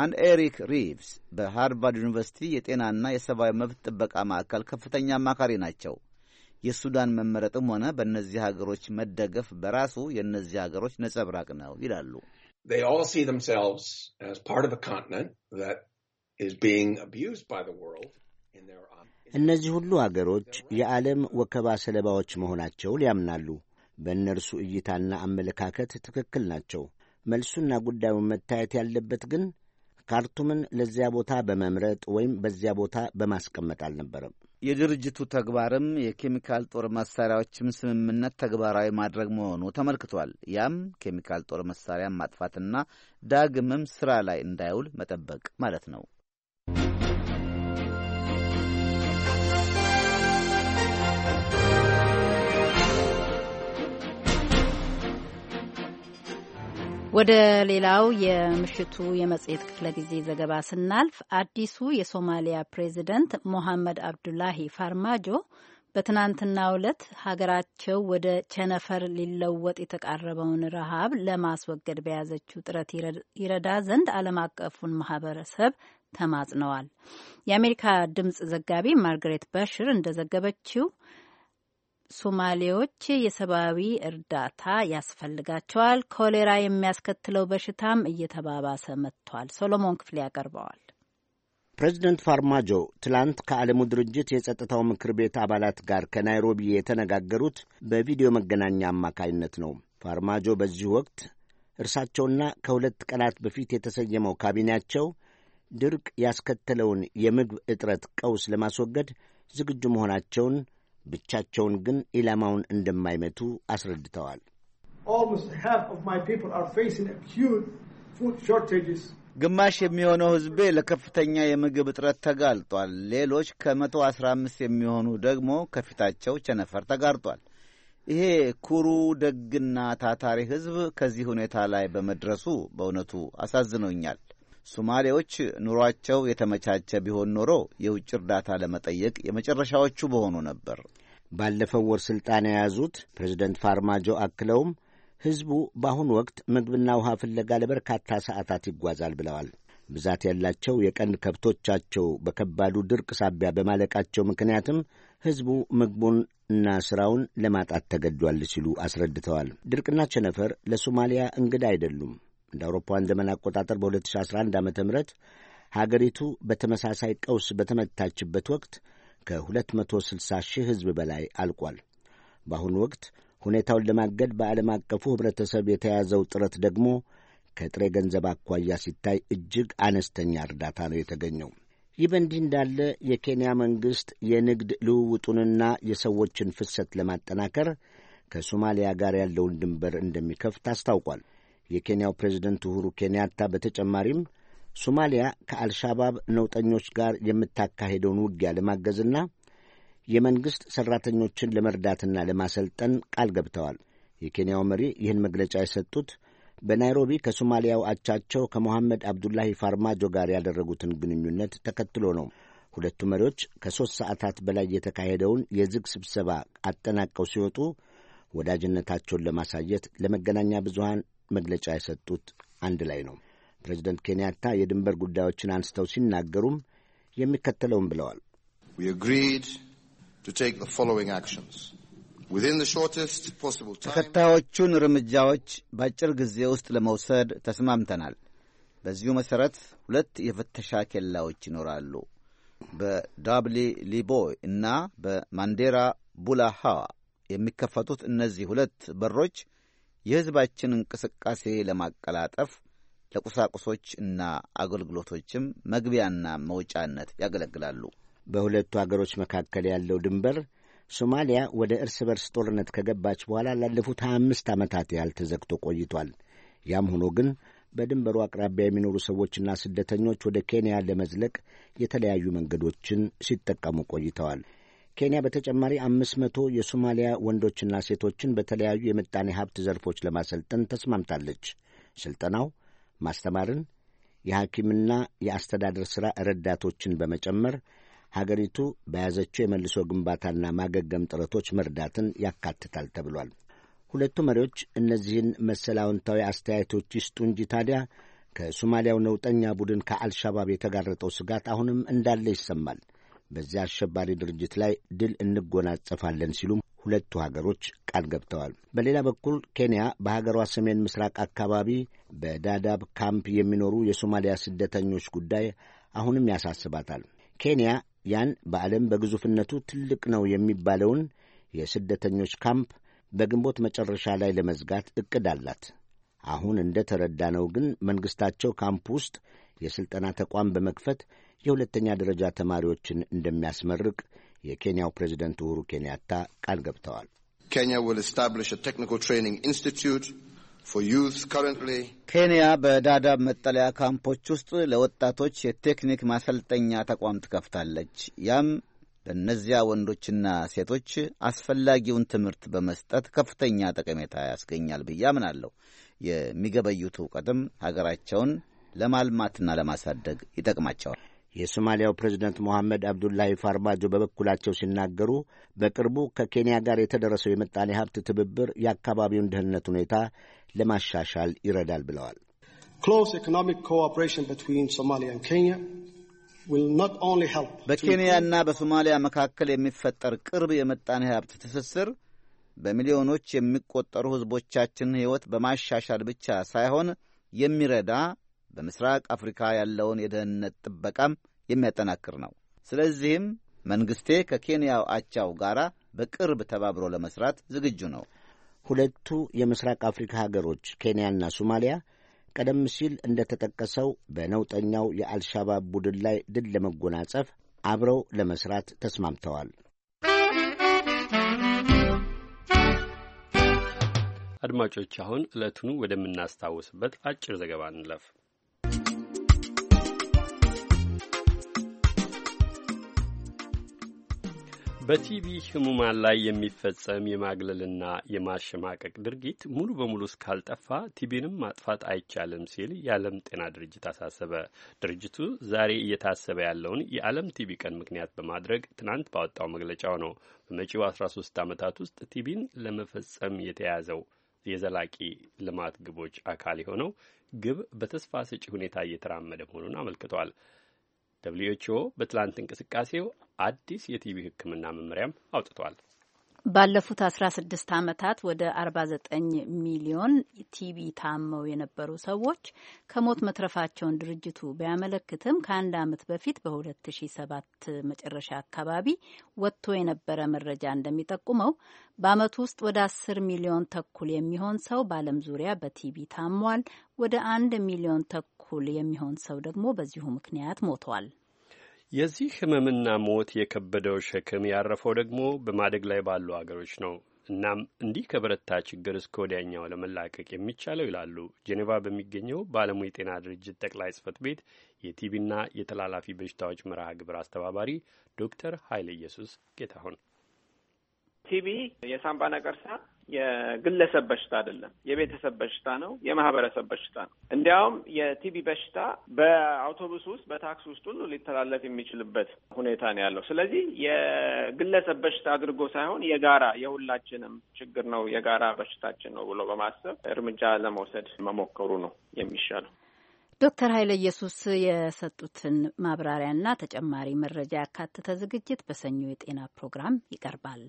አን ኤሪክ ሪቭስ በሃርቫርድ ዩኒቨርሲቲ የጤናና የሰብአዊ መብት ጥበቃ ማዕከል ከፍተኛ አማካሪ ናቸው። የሱዳን መመረጥም ሆነ በእነዚህ ሀገሮች መደገፍ በራሱ የእነዚህ ሀገሮች ነጸብራቅ ነው ይላሉ። እነዚህ ሁሉ አገሮች የዓለም ወከባ ሰለባዎች መሆናቸውን ያምናሉ። በእነርሱ እይታና አመለካከት ትክክል ናቸው። መልሱና ጉዳዩን መታየት ያለበት ግን ካርቱምን ለዚያ ቦታ በመምረጥ ወይም በዚያ ቦታ በማስቀመጥ አልነበረም። የድርጅቱ ተግባርም የኬሚካል ጦር መሳሪያዎችም ስምምነት ተግባራዊ ማድረግ መሆኑ ተመልክቷል። ያም ኬሚካል ጦር መሳሪያ ማጥፋትና ዳግምም ስራ ላይ እንዳይውል መጠበቅ ማለት ነው። ወደ ሌላው የምሽቱ የመጽሔት ክፍለ ጊዜ ዘገባ ስናልፍ አዲሱ የሶማሊያ ፕሬዚደንት ሞሐመድ አብዱላሂ ፋርማጆ በትናንትናው ዕለት ሀገራቸው ወደ ቸነፈር ሊለወጥ የተቃረበውን ረሃብ ለማስወገድ በያዘችው ጥረት ይረዳ ዘንድ ዓለም አቀፉን ማህበረሰብ ተማጽነዋል። የአሜሪካ ድምፅ ዘጋቢ ማርግሬት በሽር እንደዘገበችው ሶማሌዎች የሰብአዊ እርዳታ ያስፈልጋቸዋል። ኮሌራ የሚያስከትለው በሽታም እየተባባሰ መጥቷል። ሶሎሞን ክፍሌ ያቀርበዋል። ፕሬዚደንት ፋርማጆ ትላንት ከዓለሙ ድርጅት የጸጥታው ምክር ቤት አባላት ጋር ከናይሮቢ የተነጋገሩት በቪዲዮ መገናኛ አማካይነት ነው። ፋርማጆ በዚህ ወቅት እርሳቸውና ከሁለት ቀናት በፊት የተሰየመው ካቢኔያቸው ድርቅ ያስከተለውን የምግብ እጥረት ቀውስ ለማስወገድ ዝግጁ መሆናቸውን ብቻቸውን ግን ኢላማውን እንደማይመቱ አስረድተዋል። ግማሽ የሚሆነው ሕዝቤ ለከፍተኛ የምግብ እጥረት ተጋልጧል። ሌሎች ከመቶ አስራ አምስት የሚሆኑ ደግሞ ከፊታቸው ቸነፈር ተጋርጧል። ይሄ ኩሩ ደግና ታታሪ ሕዝብ ከዚህ ሁኔታ ላይ በመድረሱ በእውነቱ አሳዝኖኛል። ሶማሌዎች ኑሯቸው የተመቻቸ ቢሆን ኖሮ የውጭ እርዳታ ለመጠየቅ የመጨረሻዎቹ በሆኑ ነበር። ባለፈው ወር ስልጣን የያዙት ፕሬዚደንት ፋርማጆ አክለውም ሕዝቡ በአሁኑ ወቅት ምግብና ውሃ ፍለጋ ለበርካታ ሰዓታት ይጓዛል ብለዋል። ብዛት ያላቸው የቀንድ ከብቶቻቸው በከባዱ ድርቅ ሳቢያ በማለቃቸው ምክንያትም ሕዝቡ ምግቡን እና ሥራውን ለማጣት ተገዷል ሲሉ አስረድተዋል። ድርቅና ቸነፈር ለሶማሊያ እንግዳ አይደሉም። እንደ አውሮፓውያን ዘመን አቆጣጠር በ2011 ዓ ም ሀገሪቱ በተመሳሳይ ቀውስ በተመታችበት ወቅት ከ260 ሺህ ሕዝብ በላይ አልቋል። በአሁኑ ወቅት ሁኔታውን ለማገድ በዓለም አቀፉ ኅብረተሰብ የተያዘው ጥረት ደግሞ ከጥሬ ገንዘብ አኳያ ሲታይ እጅግ አነስተኛ እርዳታ ነው የተገኘው። ይህ በእንዲህ እንዳለ የኬንያ መንግሥት የንግድ ልውውጡንና የሰዎችን ፍሰት ለማጠናከር ከሶማሊያ ጋር ያለውን ድንበር እንደሚከፍት አስታውቋል። የኬንያው ፕሬዝደንት ኡሁሩ ኬንያታ በተጨማሪም ሶማሊያ ከአልሻባብ ነውጠኞች ጋር የምታካሄደውን ውጊያ ለማገዝና የመንግሥት ሠራተኞችን ለመርዳትና ለማሰልጠን ቃል ገብተዋል። የኬንያው መሪ ይህን መግለጫ የሰጡት በናይሮቢ ከሶማሊያው አቻቸው ከሞሐመድ አብዱላሂ ፋርማጆ ጋር ያደረጉትን ግንኙነት ተከትሎ ነው። ሁለቱ መሪዎች ከሦስት ሰዓታት በላይ የተካሄደውን የዝግ ስብሰባ አጠናቀው ሲወጡ ወዳጅነታቸውን ለማሳየት ለመገናኛ ብዙሃን መግለጫ የሰጡት አንድ ላይ ነው። ፕሬዚደንት ኬንያታ የድንበር ጉዳዮችን አንስተው ሲናገሩም የሚከተለውን ብለዋል። ተከታዮቹን እርምጃዎች በአጭር ጊዜ ውስጥ ለመውሰድ ተስማምተናል። በዚሁ መሠረት ሁለት የፍተሻ ኬላዎች ይኖራሉ። በዳብሊ ሊቦይ እና በማንዴራ ቡላሃዋ የሚከፈቱት እነዚህ ሁለት በሮች የሕዝባችን እንቅስቃሴ ለማቀላጠፍ ለቁሳቁሶች እና አገልግሎቶችም መግቢያና መውጫነት ያገለግላሉ። በሁለቱ አገሮች መካከል ያለው ድንበር ሶማሊያ ወደ እርስ በርስ ጦርነት ከገባች በኋላ ላለፉት ሀያ አምስት ዓመታት ያህል ተዘግቶ ቆይቷል። ያም ሆኖ ግን በድንበሩ አቅራቢያ የሚኖሩ ሰዎችና ስደተኞች ወደ ኬንያ ለመዝለቅ የተለያዩ መንገዶችን ሲጠቀሙ ቆይተዋል። ኬንያ በተጨማሪ አምስት መቶ የሶማሊያ ወንዶችና ሴቶችን በተለያዩ የምጣኔ ሀብት ዘርፎች ለማሰልጠን ተስማምታለች። ስልጠናው ማስተማርን፣ የሐኪምና የአስተዳደር ሥራ ረዳቶችን በመጨመር ሀገሪቱ በያዘችው የመልሶ ግንባታና ማገገም ጥረቶች መርዳትን ያካትታል ተብሏል። ሁለቱ መሪዎች እነዚህን መሰል አዎንታዊ አስተያየቶች ይስጡ እንጂ ታዲያ ከሶማሊያው ነውጠኛ ቡድን ከአልሻባብ የተጋረጠው ስጋት አሁንም እንዳለ ይሰማል። በዚያ አሸባሪ ድርጅት ላይ ድል እንጎናጸፋለን ሲሉም ሁለቱ ሀገሮች ቃል ገብተዋል። በሌላ በኩል ኬንያ በሀገሯ ሰሜን ምስራቅ አካባቢ በዳዳብ ካምፕ የሚኖሩ የሶማሊያ ስደተኞች ጉዳይ አሁንም ያሳስባታል። ኬንያ ያን በዓለም በግዙፍነቱ ትልቅ ነው የሚባለውን የስደተኞች ካምፕ በግንቦት መጨረሻ ላይ ለመዝጋት እቅድ አላት። አሁን እንደ ተረዳነው ግን መንግሥታቸው ካምፕ ውስጥ የሥልጠና ተቋም በመክፈት የሁለተኛ ደረጃ ተማሪዎችን እንደሚያስመርቅ የኬንያው ፕሬዚደንት ኡሁሩ ኬንያታ ቃል ገብተዋል። ኬንያ በዳዳብ መጠለያ ካምፖች ውስጥ ለወጣቶች የቴክኒክ ማሰልጠኛ ተቋም ትከፍታለች። ያም ለእነዚያ ወንዶችና ሴቶች አስፈላጊውን ትምህርት በመስጠት ከፍተኛ ጠቀሜታ ያስገኛል ብዬ አምናለሁ። የሚገበዩት እውቀትም ሀገራቸውን ለማልማትና ለማሳደግ ይጠቅማቸዋል። የሶማሊያው ፕሬዚደንት ሞሐመድ አብዱላሂ ፋርማጆ በበኩላቸው ሲናገሩ በቅርቡ ከኬንያ ጋር የተደረሰው የምጣኔ ሀብት ትብብር የአካባቢውን ደህንነት ሁኔታ ለማሻሻል ይረዳል ብለዋል። በኬንያና በሶማሊያ መካከል የሚፈጠር ቅርብ የምጣኔ ሀብት ትስስር በሚሊዮኖች የሚቆጠሩ ሕዝቦቻችንን ሕይወት በማሻሻል ብቻ ሳይሆን የሚረዳ በምስራቅ አፍሪካ ያለውን የደህንነት ጥበቃም የሚያጠናክር ነው። ስለዚህም መንግስቴ ከኬንያው አቻው ጋር በቅርብ ተባብሮ ለመስራት ዝግጁ ነው። ሁለቱ የምስራቅ አፍሪካ ሀገሮች ኬንያና ሶማሊያ ቀደም ሲል እንደ ተጠቀሰው በነውጠኛው የአልሻባብ ቡድን ላይ ድል ለመጎናጸፍ አብረው ለመስራት ተስማምተዋል። አድማጮች፣ አሁን ዕለቱን ወደምናስታውስበት አጭር ዘገባ እንለፍ። በቲቢ ህሙማን ላይ የሚፈጸም የማግለልና የማሸማቀቅ ድርጊት ሙሉ በሙሉ እስካልጠፋ ቲቢንም ማጥፋት አይቻልም ሲል የዓለም ጤና ድርጅት አሳሰበ። ድርጅቱ ዛሬ እየታሰበ ያለውን የዓለም ቲቢ ቀን ምክንያት በማድረግ ትናንት ባወጣው መግለጫው ነው በመጪው 13 ዓመታት ውስጥ ቲቢን ለመፈጸም የተያዘው የዘላቂ ልማት ግቦች አካል የሆነው ግብ በተስፋ ሰጪ ሁኔታ እየተራመደ መሆኑን አመልክቷል። ደብልዩ ኤች ኦ በትላንት እንቅስቃሴው አዲስ የቲቪ ሕክምና መመሪያም አውጥቷል። ባለፉት 16 ዓመታት ወደ 49 ሚሊዮን ቲቢ ታመው የነበሩ ሰዎች ከሞት መትረፋቸውን ድርጅቱ ቢያመለክትም ከአንድ ዓመት በፊት በ2007 መጨረሻ አካባቢ ወጥቶ የነበረ መረጃ እንደሚጠቁመው በዓመቱ ውስጥ ወደ 10 ሚሊዮን ተኩል የሚሆን ሰው በዓለም ዙሪያ በቲቢ ታሟል። ወደ አንድ ሚሊዮን ተኩል የሚሆን ሰው ደግሞ በዚሁ ምክንያት ሞቷል። የዚህ ህመምና ሞት የከበደው ሸክም ያረፈው ደግሞ በማደግ ላይ ባሉ አገሮች ነው። እናም እንዲህ ከበረታ ችግር እስከ ወዲያኛው ለመላቀቅ የሚቻለው ይላሉ ጄኔቫ በሚገኘው በዓለሙ የጤና ድርጅት ጠቅላይ ጽህፈት ቤት የቲቢና የተላላፊ በሽታዎች መርሃ ግብር አስተባባሪ ዶክተር ኃይለ ኢየሱስ ጌታሁን። ቲቢ የሳምባ ነቀርሳ የግለሰብ በሽታ አይደለም፣ የቤተሰብ በሽታ ነው፣ የማህበረሰብ በሽታ ነው። እንዲያውም የቲቢ በሽታ በአውቶቡስ ውስጥ በታክሲ ውስጥ ሁሉ ሊተላለፍ የሚችልበት ሁኔታ ነው ያለው። ስለዚህ የግለሰብ በሽታ አድርጎ ሳይሆን የጋራ የሁላችንም ችግር ነው፣ የጋራ በሽታችን ነው ብሎ በማሰብ እርምጃ ለመውሰድ መሞከሩ ነው የሚሻለው። ዶክተር ኃይለ ኢየሱስ የሰጡትን ማብራሪያና ተጨማሪ መረጃ ያካተተ ዝግጅት በሰኞ የጤና ፕሮግራም ይቀርባል።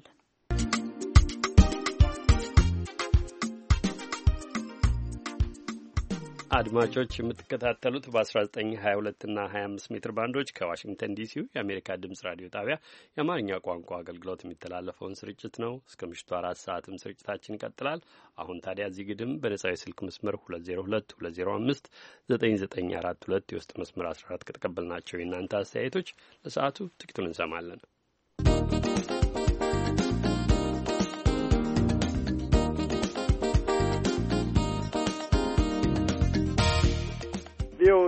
አድማጮች የምትከታተሉት በ1922 እና 25 ሜትር ባንዶች ከዋሽንግተን ዲሲው የአሜሪካ ድምጽ ራዲዮ ጣቢያ የአማርኛ ቋንቋ አገልግሎት የሚተላለፈውን ስርጭት ነው። እስከ ምሽቱ አራት ሰዓትም ስርጭታችን ይቀጥላል። አሁን ታዲያ እዚህ ግድም በነጻዊ ስልክ መስመር 2022059942 የውስጥ መስመር 14 ከተቀበልናቸው የእናንተ አስተያየቶች ለሰዓቱ ጥቂቱን እንሰማለን።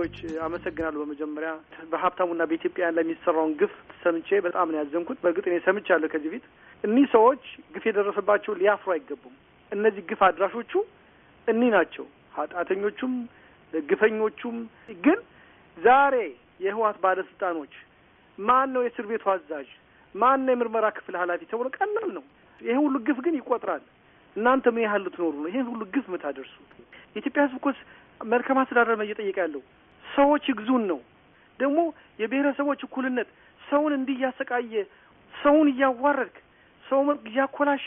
ሰዎች አመሰግናለሁ። በመጀመሪያ በሀብታሙና በኢትዮጵያውያን ላይ የሚሰራውን ግፍ ሰምቼ በጣም ነው ያዘንኩት። በእርግጥ እኔ ሰምቻለሁ ከዚህ ፊት። እኒህ ሰዎች ግፍ የደረሰባቸው ሊያፍሩ አይገቡም። እነዚህ ግፍ አድራሾቹ እኒህ ናቸው፣ ኃጢአተኞቹም ግፈኞቹም። ግን ዛሬ የህወሓት ባለስልጣኖች ማን ነው የእስር ቤቱ አዛዥ፣ ማን ነው የምርመራ ክፍል ኃላፊ ተብሎ ቀላል ነው። ይሄ ሁሉ ግፍ ግን ይቆጥራል። እናንተ ምን ያህል ልትኖሩ ነው ይሄን ሁሉ ግፍ የምታደርሱት? የኢትዮጵያ ህዝብ እኮ መልካም አስተዳደር እየጠየቀ ያለው። ሰዎች ይግዙን ነው። ደግሞ የብሔረሰቦች እኩልነት ሰውን እንዲህ እያሰቃየ፣ ሰውን እያዋረድክ፣ ሰውን እያኮላሸ፣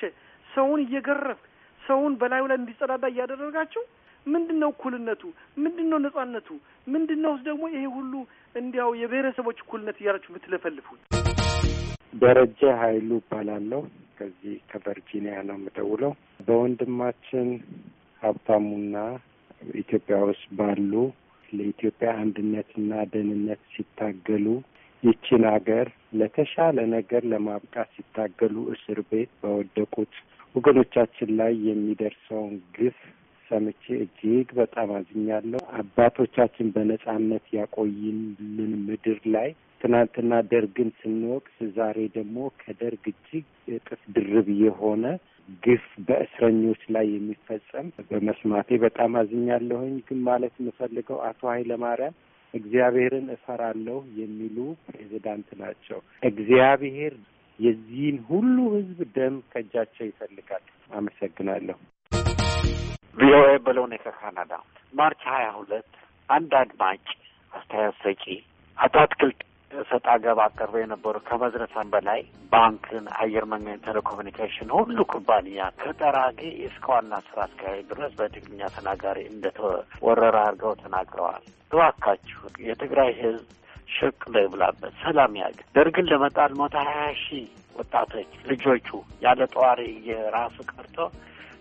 ሰውን እየገረፍክ፣ ሰውን በላዩ ላይ እንዲጸዳዳ እያደረጋችሁ ምንድን ነው እኩልነቱ? ምንድን ነው ነጻነቱ? ምንድን ነው ደግሞ ይሄ ሁሉ እንዲያው የብሔረሰቦች እኩልነት እያላችሁ የምትለፈልፉት? ደረጀ ኃይሉ እባላለሁ። ከዚህ ከቨርጂኒያ ነው የምደውለው። በወንድማችን ሀብታሙና ኢትዮጵያ ውስጥ ባሉ ለኢትዮጵያ አንድነትና ደህንነት ሲታገሉ ይችን ሀገር ለተሻለ ነገር ለማብቃት ሲታገሉ እስር ቤት በወደቁት ወገኖቻችን ላይ የሚደርሰውን ግፍ ሰምቼ እጅግ በጣም አዝኛለሁ። አባቶቻችን በነጻነት ያቆይልን ምድር ላይ ትናንትና ደርግን ስንወቅስ ዛሬ ደግሞ ከደርግ እጅግ እጥፍ ድርብ የሆነ ግፍ በእስረኞች ላይ የሚፈጸም በመስማቴ በጣም አዝኛለሁኝ። ግን ማለት የምፈልገው አቶ ኃይለማርያም እግዚአብሔርን እፈራለሁ የሚሉ ፕሬዚዳንት ናቸው። እግዚአብሔር የዚህን ሁሉ ህዝብ ደም ከእጃቸው ይፈልጋል። አመሰግናለሁ። ቪኦኤ በሎኔ ከካናዳ ማርች ሀያ ሁለት አንድ አድማጭ አስተያየት ሰጪ አቶ አትክልት እሰጥ አገባ አቀርበው የነበሩ ከመዝረፈን በላይ ባንክን፣ አየር መንገድ፣ ቴሌኮሙኒኬሽን ሁሉ ኩባንያ ከጠራጊ እስከ ዋና ስራ አስኪያጅ ድረስ በትግርኛ ተናጋሪ እንደተወረረ አድርገው ተናግረዋል። እባካችሁ የትግራይ ህዝብ ሽቅ ይብላበት፣ ሰላም ያገ ደርግን ለመጣል ሞታ ሀያ ሺህ ወጣቶች ልጆቹ ያለ ጠዋሪ የራሱ ቀርቶ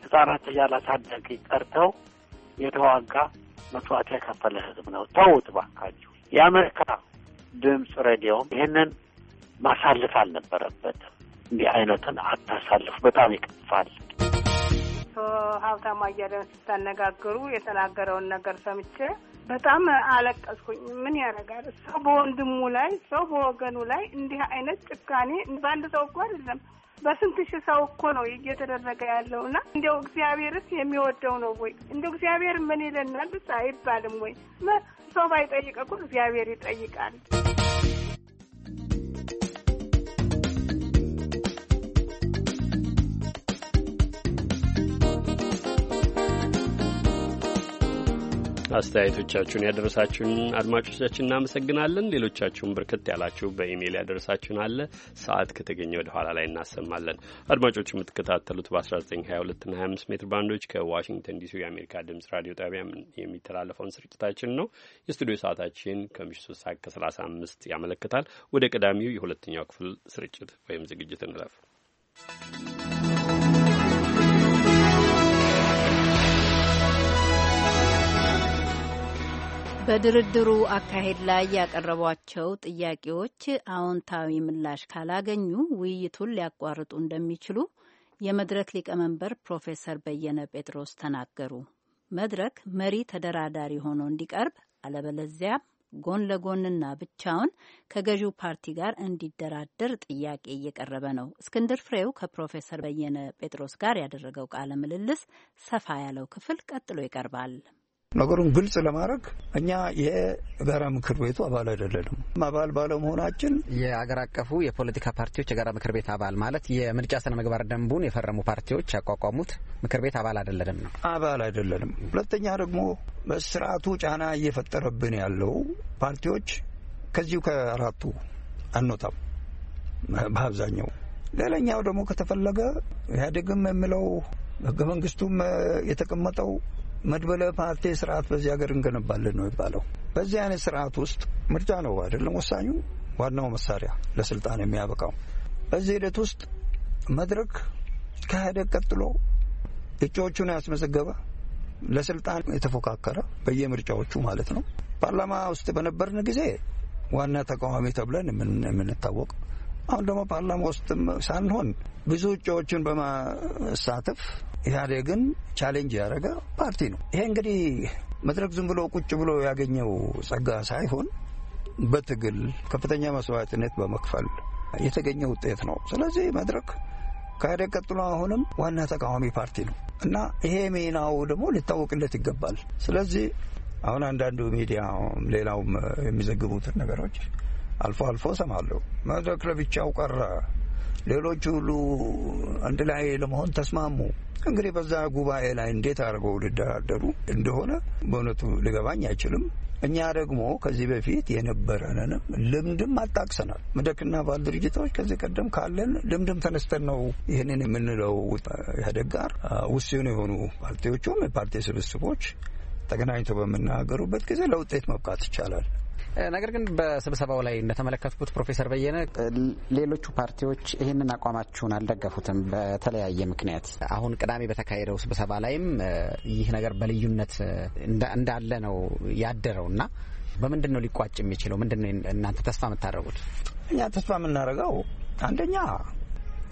ህጻናት እያላሳደግ ቀርተው የተዋጋ መስዋዕት የከፈለ ህዝብ ነው። ተውት ባካችሁ። የአሜሪካ ድምፅ ሬዲዮም ይህንን ማሳልፍ አልነበረበትም። እንዲህ አይነትን አታሳልፉ፣ በጣም ይቀፋል። ሀብታማ አያሌውን ስታነጋግሩ የተናገረውን ነገር ሰምቼ በጣም አለቀስኩኝ። ምን ያደርጋል ሰው በወንድሙ ላይ ሰው በወገኑ ላይ እንዲህ አይነት ጭካኔ በአንድ ሰው እኮ አይደለም በስንት ሺህ ሰው እኮ ነው እየተደረገ ያለው እና እንደው እግዚአብሔርስ የሚወደው ነው ወይ? እንዲያው እግዚአብሔር ምን ይለናል አይባልም ወይ? ሰው ባይጠይቀ እኮ እግዚአብሔር ይጠይቃል። አስተያየቶቻችሁን ያደረሳችሁን አድማጮቻችን እናመሰግናለን። ሌሎቻችሁን በርከት ያላችሁ በኢሜይል ያደረሳችሁን አለ ሰዓት ከተገኘ ወደ ኋላ ላይ እናሰማለን። አድማጮች የምትከታተሉት በ1922ና 25 ሜትር ባንዶች ከዋሽንግተን ዲሲ የአሜሪካ ድምጽ ራዲዮ ጣቢያ የሚተላለፈውን ስርጭታችን ነው። የስቱዲዮ ሰዓታችን ከምሽቱ 3 ሰዓት ከ35 ያመለክታል። ወደ ቀዳሚው የሁለተኛው ክፍል ስርጭት ወይም ዝግጅት እንለፍ። በድርድሩ አካሄድ ላይ ያቀረቧቸው ጥያቄዎች አዎንታዊ ምላሽ ካላገኙ ውይይቱን ሊያቋርጡ እንደሚችሉ የመድረክ ሊቀመንበር ፕሮፌሰር በየነ ጴጥሮስ ተናገሩ። መድረክ መሪ ተደራዳሪ ሆኖ እንዲቀርብ አለበለዚያም ጎን ለጎንና ብቻውን ከገዢው ፓርቲ ጋር እንዲደራደር ጥያቄ እየቀረበ ነው። እስክንድር ፍሬው ከፕሮፌሰር በየነ ጴጥሮስ ጋር ያደረገው ቃለ ምልልስ ሰፋ ያለው ክፍል ቀጥሎ ይቀርባል። ነገሩን ግልጽ ለማድረግ እኛ የጋራ ምክር ቤቱ አባል አይደለንም። አባል ባለመሆናችን የአገር አቀፉ የፖለቲካ ፓርቲዎች የጋራ ምክር ቤት አባል ማለት የምርጫ ስነ ምግባር ደንቡን የፈረሙ ፓርቲዎች ያቋቋሙት ምክር ቤት አባል አይደለንም ነው። አባል አይደለንም። ሁለተኛ ደግሞ በስርዓቱ ጫና እየፈጠረብን ያለው ፓርቲዎች ከዚሁ ከአራቱ አንወጣም በአብዛኛው። ሌላኛው ደግሞ ከተፈለገ ኢህአዴግም የሚለው ህገ መንግስቱም የተቀመጠው መድበለ ፓርቲ ስርዓት በዚህ ሀገር እንገነባለን ነው የሚባለው። በዚህ አይነት ስርዓት ውስጥ ምርጫ ነው አይደለም ወሳኙ ዋናው መሳሪያ ለስልጣን የሚያበቃው። በዚህ ሂደት ውስጥ መድረክ ከህደ ቀጥሎ እጩዎቹን ያስመዘገበ ለስልጣን የተፎካከረ በየምርጫዎቹ ማለት ነው። ፓርላማ ውስጥ በነበርን ጊዜ ዋና ተቃዋሚ ተብለን የምንታወቅ አሁን ደግሞ ፓርላማ ውስጥም ሳንሆን ብዙ እጩዎችን በማሳተፍ ኢህአዴግን ቻሌንጅ ያደረገ ፓርቲ ነው። ይሄ እንግዲህ መድረክ ዝም ብሎ ቁጭ ብሎ ያገኘው ጸጋ ሳይሆን በትግል ከፍተኛ መስዋዕትነት በመክፈል የተገኘ ውጤት ነው። ስለዚህ መድረክ ከኢህአዴግ ቀጥሎ አሁንም ዋና ተቃዋሚ ፓርቲ ነው እና ይሄ ሚናው ደግሞ ሊታወቅለት ይገባል። ስለዚህ አሁን አንዳንዱ ሚዲያ ሌላውም የሚዘግቡትን ነገሮች አልፎ አልፎ ሰማለሁ። መድረክ ለብቻው ቀረ፣ ሌሎቹ ሁሉ አንድ ላይ ለመሆን ተስማሙ። እንግዲህ በዛ ጉባኤ ላይ እንዴት አድርገው ሊደራደሩ እንደሆነ በእውነቱ ሊገባኝ አይችልም። እኛ ደግሞ ከዚህ በፊት የነበረንንም ልምድም አጣቅሰናል። መድረክና ባል ድርጅቶች ከዚህ ቀደም ካለን ልምድም ተነስተን ነው ይህንን የምንለው። ኢህአዴግ ጋር ውስን የሆኑ ፓርቲዎቹም የፓርቲ ስብስቦች ተገናኝተው በምናገሩበት ጊዜ ለውጤት መብቃት ይቻላል። ነገር ግን በስብሰባው ላይ እንደተመለከትኩት ፕሮፌሰር በየነ ሌሎቹ ፓርቲዎች ይህንን አቋማችሁን አልደገፉትም በተለያየ ምክንያት። አሁን ቅዳሜ በተካሄደው ስብሰባ ላይም ይህ ነገር በልዩነት እንዳለ ነው ያደረው እና በምንድን ነው ሊቋጭ የሚችለው? ምንድን ነው እናንተ ተስፋ የምታደርጉት? እኛ ተስፋ የምናደርገው አንደኛ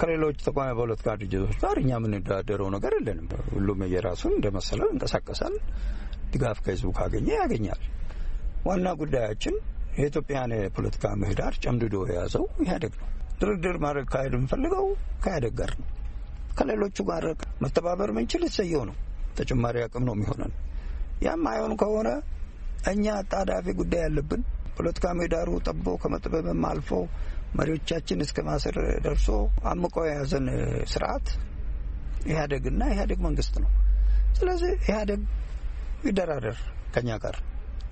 ከሌሎች ተቋሚ ፖለቲካ ድርጅቶች ጋር እኛ የምንደራደረው ነገር የለንም። ሁሉም የራሱን እንደመሰለው ይንቀሳቀሳል። ድጋፍ ከህዝቡ ካገኘ ያገኛል። ዋና ጉዳያችን የኢትዮጵያን የፖለቲካ ምህዳር ጨምድዶ የያዘው ኢህአዴግ ነው። ድርድር ማድረግ ካሄድ የምንፈልገው ከኢህአዴግ ጋር ነው። ከሌሎቹ ጋር መተባበር ምንችል ይሰየው ነው። ተጨማሪ አቅም ነው የሚሆነን። ያም አይሆን ከሆነ እኛ አጣዳፊ ጉዳይ ያለብን ፖለቲካ ምህዳሩ ጠቦ ከመጥበብም አልፎ መሪዎቻችን እስከ ማሰር ደርሶ አምቆ የያዘን ስርዓት ኢህአዴግና ኢህአዴግ መንግስት ነው። ስለዚህ ኢህአዴግ ይደራደር ከኛ ጋር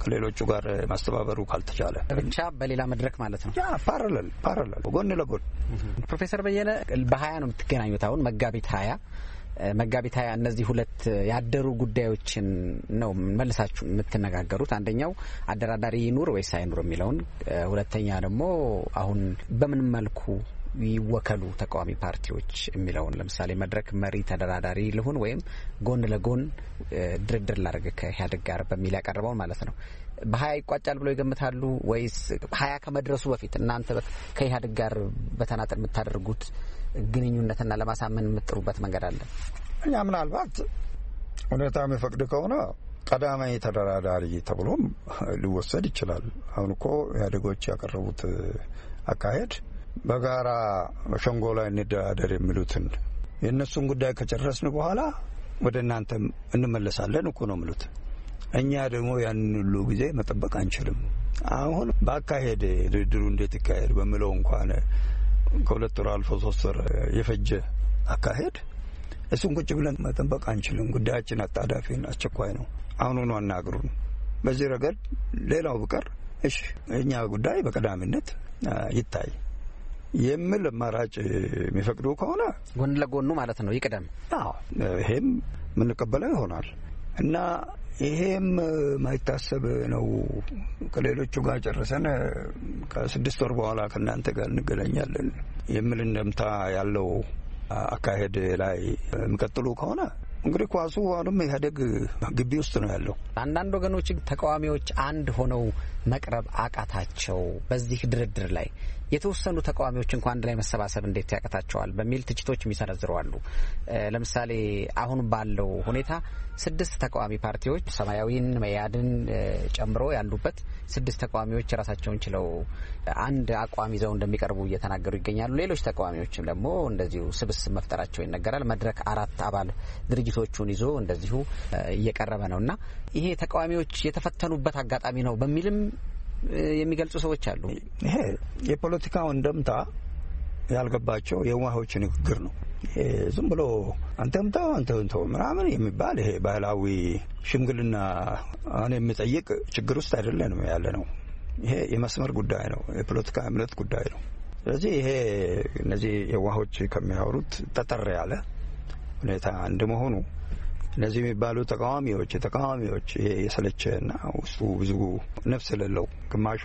ከሌሎቹ ጋር ማስተባበሩ ካልተቻለ ብቻ በሌላ መድረክ ማለት ነው። ያ ፓራለል ፓራለል ጎን ለጎን ፕሮፌሰር በየነ በሀያ ነው የምትገናኙት አሁን መጋቢት ሀያ መጋቢት ሀያ እነዚህ ሁለት ያደሩ ጉዳዮችን ነው መልሳችሁ የምትነጋገሩት። አንደኛው አደራዳሪ ይኑር ወይስ አይኑር የሚለውን፣ ሁለተኛ ደግሞ አሁን በምን መልኩ ይወከሉ ተቃዋሚ ፓርቲዎች የሚለውን ለምሳሌ መድረክ መሪ ተደራዳሪ ልሁን ወይም ጎን ለጎን ድርድር ላደርግ ከኢህአዴግ ጋር በሚል ያቀርበውን ማለት ነው። በሀያ ይቋጫል ብለው ይገምታሉ ወይስ ሀያ ከመድረሱ በፊት እናንተ ከኢህአዴግ ጋር በተናጠል የምታደርጉት ግንኙነትና ለማሳመን የምጥሩበት መንገድ አለ? እኛ ምናልባት ሁኔታ የሚፈቅድ ከሆነ ቀዳማዊ ተደራዳሪ ተብሎም ሊወሰድ ይችላል። አሁን እኮ ኢህአዴጎች ያቀረቡት አካሄድ በጋራ ሸንጎ ላይ እንደራደር የሚሉትን የእነሱን ጉዳይ ከጨረስን በኋላ ወደ እናንተ እንመለሳለን እኮ ነው የሚሉት። እኛ ደግሞ ያንን ሁሉ ጊዜ መጠበቅ አንችልም። አሁን በአካሄድ ድርድሩ እንዴት ይካሄድ በሚለው እንኳን ከሁለት ወር አልፎ ሶስት ወር የፈጀ አካሄድ እሱን ቁጭ ብለን መጠበቅ አንችልም። ጉዳያችን አጣዳፊ አስቸኳይ ነው። አሁኑኑ አናግሩን። በዚህ ረገድ ሌላው ብቀር እሺ፣ እኛ ጉዳይ በቀዳሚነት ይታይ የሚል አማራጭ የሚፈቅዱ ከሆነ ጎን ለጎኑ ማለት ነው ይቅደም። አዎ ይሄም የምንቀበለው ይሆናል እና ይሄም ማይታሰብ ነው። ከሌሎቹ ጋር ጨርሰን ከስድስት ወር በኋላ ከእናንተ ጋር እንገናኛለን የሚል እንደምታ ያለው አካሄድ ላይ የሚቀጥሉ ከሆነ እንግዲህ ኳሱ አሁንም ኢህአዴግ ግቢ ውስጥ ነው ያለው። አንዳንድ ወገኖች ተቃዋሚዎች አንድ ሆነው መቅረብ አቃታቸው በዚህ ድርድር ላይ የተወሰኑ ተቃዋሚዎች እንኳ አንድ ላይ መሰባሰብ እንዴት ያቀታቸዋል በሚል ትችቶች የሚሰነዝሩ አሉ። ለምሳሌ አሁን ባለው ሁኔታ ስድስት ተቃዋሚ ፓርቲዎች ሰማያዊን፣ መያድን ጨምሮ ያሉበት ስድስት ተቃዋሚዎች ራሳቸውን ችለው አንድ አቋም ይዘው እንደሚቀርቡ እየተናገሩ ይገኛሉ። ሌሎች ተቃዋሚዎችም ደግሞ እንደዚሁ ስብስብ መፍጠራቸው ይነገራል። መድረክ አራት አባል ድርጅቶቹን ይዞ እንደዚሁ እየቀረበ ነው እና ይሄ ተቃዋሚዎች የተፈተኑበት አጋጣሚ ነው በሚልም የሚገልጹ ሰዎች አሉ። ይሄ የፖለቲካው እንደምታ ያልገባቸው የዋሆች ንግግር ነው። ዝም ብሎ አንተምታ አንተንተ ምናምን የሚባል ይሄ ባህላዊ ሽምግልና አሁን የሚጠይቅ ችግር ውስጥ አይደለንም ያለ ነው። ይሄ የመስመር ጉዳይ ነው። የፖለቲካ እምነት ጉዳይ ነው። ስለዚህ ይሄ እነዚህ የዋሆች ከሚያወሩት ጠጠር ያለ ሁኔታ እንደመሆኑ እነዚህ የሚባሉ ተቃዋሚዎች ተቃዋሚዎች የሰለቸና ውስጡ ብዙ ነፍስ የሌለው ግማሹ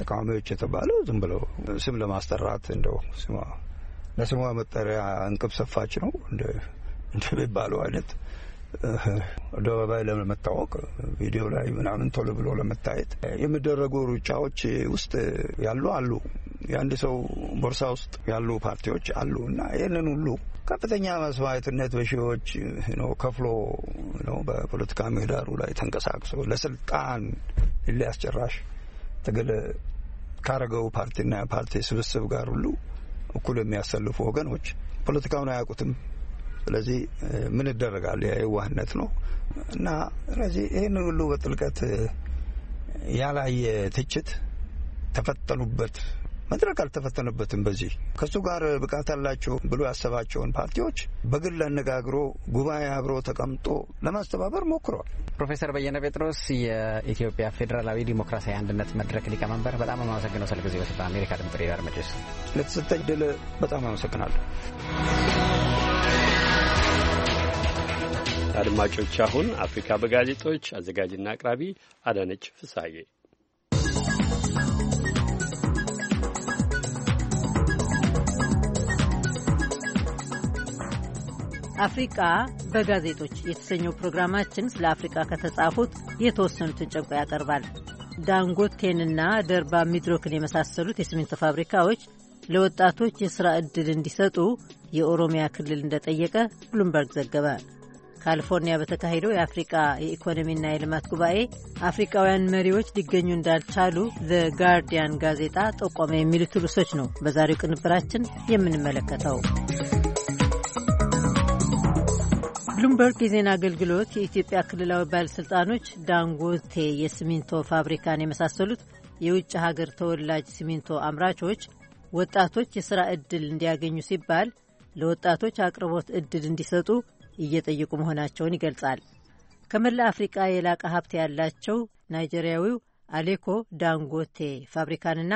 ተቃዋሚዎች የተባለው ዝም ብለው ስም ለማስጠራት እንደው ለስሟ መጠሪያ እንቅብ ሰፋች ነው እንደሚባለው አይነት አደባባይ ለመታወቅ ቪዲዮ ላይ ምናምን ቶሎ ብሎ ለመታየት የሚደረጉ ሩጫዎች ውስጥ ያሉ አሉ። የአንድ ሰው ቦርሳ ውስጥ ያሉ ፓርቲዎች አሉ እና ይህንን ሁሉ ከፍተኛ መስዋዕትነት በሺዎች ከፍሎ በፖለቲካ ምህዳሩ ላይ ተንቀሳቅሶ ለስልጣን ሊያስጨራሽ ትግል ካረገው ፓርቲና ፓርቲ ስብስብ ጋር ሁሉ እኩል የሚያሰልፉ ወገኖች ፖለቲካውን አያውቁትም። ስለዚህ ምን ይደረጋል? የዋህነት ነው እና ስለዚህ ይህን ሁሉ በጥልቀት ያላየ ትችት ተፈጠኑበት መድረክ አልተፈተነበትም። በዚህ ከእሱ ጋር ብቃት አላቸው ብሎ ያሰባቸውን ፓርቲዎች በግል አነጋግሮ ጉባኤ አብሮ ተቀምጦ ለማስተባበር ሞክሯል። ፕሮፌሰር በየነ ጴጥሮስ የኢትዮጵያ ፌዴራላዊ ዲሞክራሲያዊ አንድነት መድረክ ሊቀመንበር፣ በጣም አመሰግነው ስለ ጊዜው። በአሜሪካ ድምጽ ሬዲዮ አድማጮች ለተሰጠኝ ድል በጣም አመሰግናለሁ። አድማጮች አሁን አፍሪካ በጋዜጦች አዘጋጅና አቅራቢ አዳነች ፍሳዬ አፍሪቃ በጋዜጦች የተሰኘው ፕሮግራማችን ስለ አፍሪቃ ከተጻፉት የተወሰኑትን ጨምቆ ያቀርባል። ዳንጎቴንና ደርባ ሚድሮክን የመሳሰሉት የሲሚንቶ ፋብሪካዎች ለወጣቶች የሥራ ዕድል እንዲሰጡ የኦሮሚያ ክልል እንደጠየቀ ብሉምበርግ ዘገበ። ካሊፎርኒያ በተካሄደው የአፍሪቃ የኢኮኖሚና የልማት ጉባኤ አፍሪቃውያን መሪዎች ሊገኙ እንዳልቻሉ ዘ ጋርዲያን ጋዜጣ ጠቆመ። የሚሉት ርዕሶች ነው በዛሬው ቅንብራችን የምንመለከተው። ብሉምበርግ የዜና አገልግሎት የኢትዮጵያ ክልላዊ ባለሥልጣኖች ዳንጎቴ የሲሚንቶ ፋብሪካን የመሳሰሉት የውጭ ሀገር ተወላጅ ሲሚንቶ አምራቾች ወጣቶች የሥራ ዕድል እንዲያገኙ ሲባል ለወጣቶች አቅርቦት ዕድል እንዲሰጡ እየጠየቁ መሆናቸውን ይገልጻል። ከመላ አፍሪቃ የላቀ ሀብት ያላቸው ናይጄሪያዊው አሌኮ ዳንጎቴ ፋብሪካንና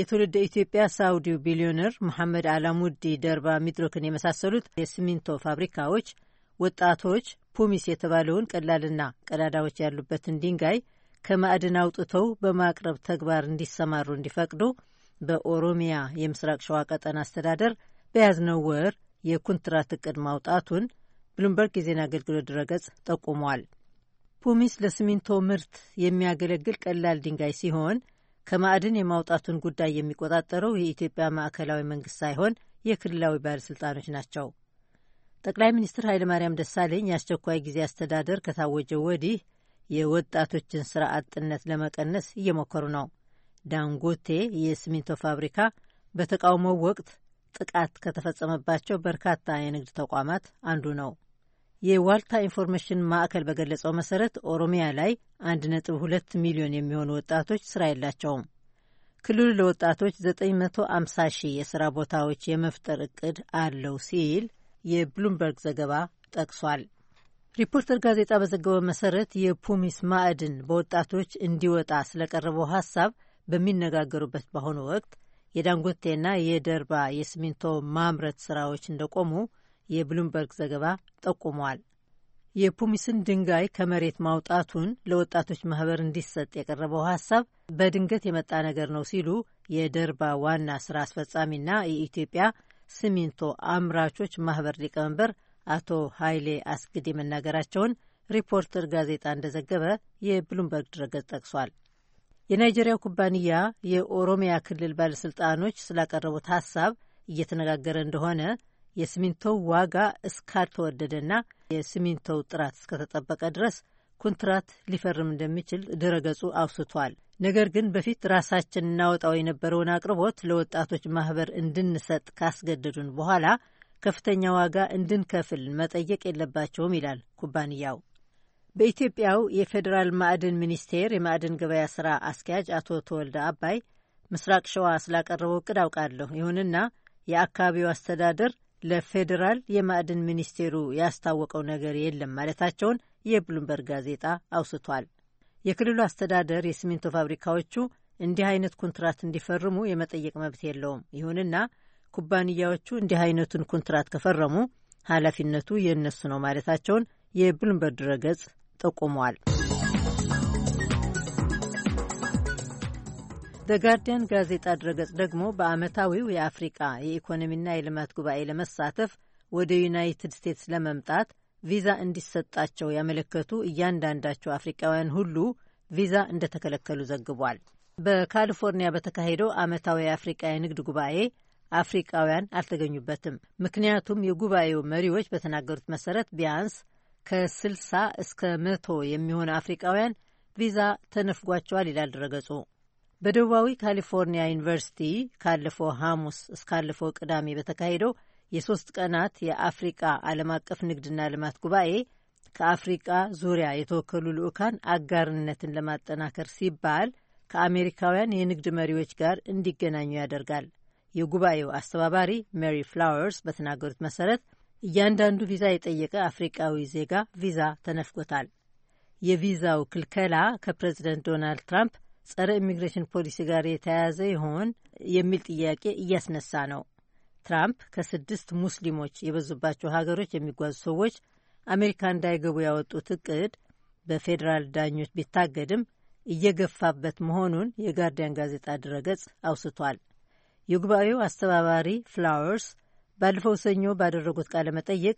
የትውልደ ኢትዮጵያ ሳውዲው ቢሊዮነር መሐመድ አላሙዲ ደርባ ሚድሮክን የመሳሰሉት የሲሚንቶ ፋብሪካዎች ወጣቶች ፑሚስ የተባለውን ቀላልና ቀዳዳዎች ያሉበትን ድንጋይ ከማዕድን አውጥተው በማቅረብ ተግባር እንዲሰማሩ እንዲፈቅዱ በኦሮሚያ የምስራቅ ሸዋ ቀጠና አስተዳደር በያዝነው ወር የኩንትራት እቅድ ማውጣቱን ብሉምበርግ የዜና አገልግሎት ድረገጽ ጠቁሟል። ፑሚስ ለሲሚንቶ ምርት የሚያገለግል ቀላል ድንጋይ ሲሆን ከማዕድን የማውጣቱን ጉዳይ የሚቆጣጠረው የኢትዮጵያ ማዕከላዊ መንግስት ሳይሆን የክልላዊ ባለሥልጣኖች ናቸው። ጠቅላይ ሚኒስትር ኃይለማርያም ደሳለኝ የአስቸኳይ ጊዜ አስተዳደር ከታወጀ ወዲህ የወጣቶችን ስራ አጥነት ለመቀነስ እየሞከሩ ነው። ዳንጎቴ የሲሚንቶ ፋብሪካ በተቃውሞው ወቅት ጥቃት ከተፈጸመባቸው በርካታ የንግድ ተቋማት አንዱ ነው። የዋልታ ኢንፎርሜሽን ማዕከል በገለጸው መሰረት ኦሮሚያ ላይ 1.2 ሚሊዮን የሚሆኑ ወጣቶች ስራ የላቸውም። ክልሉ ለወጣቶች 950 ሺህ የስራ ቦታዎች የመፍጠር እቅድ አለው ሲል የብሉምበርግ ዘገባ ጠቅሷል። ሪፖርተር ጋዜጣ በዘገበው መሰረት የፑሚስ ማዕድን በወጣቶች እንዲወጣ ስለቀረበው ሀሳብ በሚነጋገሩበት በአሁኑ ወቅት የዳንጎቴና የደርባ የሲሚንቶ ማምረት ስራዎች እንደቆሙ የብሉምበርግ ዘገባ ጠቁሟል። የፑሚስን ድንጋይ ከመሬት ማውጣቱን ለወጣቶች ማህበር እንዲሰጥ የቀረበው ሀሳብ በድንገት የመጣ ነገር ነው ሲሉ የደርባ ዋና ስራ አስፈጻሚና የኢትዮጵያ ሲሚንቶ አምራቾች ማህበር ሊቀመንበር አቶ ኃይሌ አስግዴ መናገራቸውን ሪፖርተር ጋዜጣ እንደዘገበ የብሉምበርግ ድረገጽ ጠቅሷል። የናይጄሪያው ኩባንያ የኦሮሚያ ክልል ባለሥልጣኖች ስላቀረቡት ሐሳብ እየተነጋገረ እንደሆነ የሲሚንቶው ዋጋ እስካልተወደደና የሲሚንቶው ጥራት እስከተጠበቀ ድረስ ኮንትራት ሊፈርም እንደሚችል ድረገጹ አውስቷል። ነገር ግን በፊት ራሳችን እናወጣው የነበረውን አቅርቦት ለወጣቶች ማህበር እንድንሰጥ ካስገደዱን በኋላ ከፍተኛ ዋጋ እንድንከፍል መጠየቅ የለባቸውም ይላል ኩባንያው። በኢትዮጵያው የፌዴራል ማዕድን ሚኒስቴር የማዕድን ገበያ ስራ አስኪያጅ አቶ ተወልደ አባይ ምስራቅ ሸዋ ስላቀረበው እቅድ አውቃለሁ። ይሁንና የአካባቢው አስተዳደር ለፌዴራል የማዕድን ሚኒስቴሩ ያስታወቀው ነገር የለም ማለታቸውን የብሉምበርግ ጋዜጣ አውስቷል። የክልሉ አስተዳደር የሲሚንቶ ፋብሪካዎቹ እንዲህ አይነት ኮንትራት እንዲፈርሙ የመጠየቅ መብት የለውም። ይሁንና ኩባንያዎቹ እንዲህ አይነቱን ኮንትራት ከፈረሙ ኃላፊነቱ የእነሱ ነው ማለታቸውን የብሉምበርግ ድረገጽ ጠቁሟል። በጋርዲያን ጋዜጣ ድረገጽ ደግሞ በዓመታዊው የአፍሪቃ የኢኮኖሚና የልማት ጉባኤ ለመሳተፍ ወደ ዩናይትድ ስቴትስ ለመምጣት ቪዛ እንዲሰጣቸው ያመለከቱ እያንዳንዳቸው አፍሪቃውያን ሁሉ ቪዛ እንደተከለከሉ ዘግቧል። በካሊፎርኒያ በተካሄደው ዓመታዊ የአፍሪቃ የንግድ ጉባኤ አፍሪቃውያን አልተገኙበትም። ምክንያቱም የጉባኤው መሪዎች በተናገሩት መሰረት ቢያንስ ከ60 እስከ መቶ የሚሆኑ አፍሪቃውያን ቪዛ ተነፍጓቸዋል ይላል ድረገጹ። በደቡባዊ ካሊፎርኒያ ዩኒቨርሲቲ ካለፈው ሐሙስ እስካለፈው ቅዳሜ በተካሄደው የሶስት ቀናት የአፍሪቃ ዓለም አቀፍ ንግድና ልማት ጉባኤ ከአፍሪቃ ዙሪያ የተወከሉ ልዑካን አጋርነትን ለማጠናከር ሲባል ከአሜሪካውያን የንግድ መሪዎች ጋር እንዲገናኙ ያደርጋል። የጉባኤው አስተባባሪ ሜሪ ፍላወርስ በተናገሩት መሰረት እያንዳንዱ ቪዛ የጠየቀ አፍሪቃዊ ዜጋ ቪዛ ተነፍጎታል። የቪዛው ክልከላ ከፕሬዚደንት ዶናልድ ትራምፕ ጸረ ኢሚግሬሽን ፖሊሲ ጋር የተያያዘ ይሆን የሚል ጥያቄ እያስነሳ ነው። ትራምፕ ከስድስት ሙስሊሞች የበዙባቸው ሀገሮች የሚጓዙ ሰዎች አሜሪካ እንዳይገቡ ያወጡት እቅድ በፌዴራል ዳኞች ቢታገድም እየገፋበት መሆኑን የጋርዲያን ጋዜጣ ድረገጽ አውስቷል። የጉባኤው አስተባባሪ ፍላወርስ ባለፈው ሰኞ ባደረጉት ቃለ መጠይቅ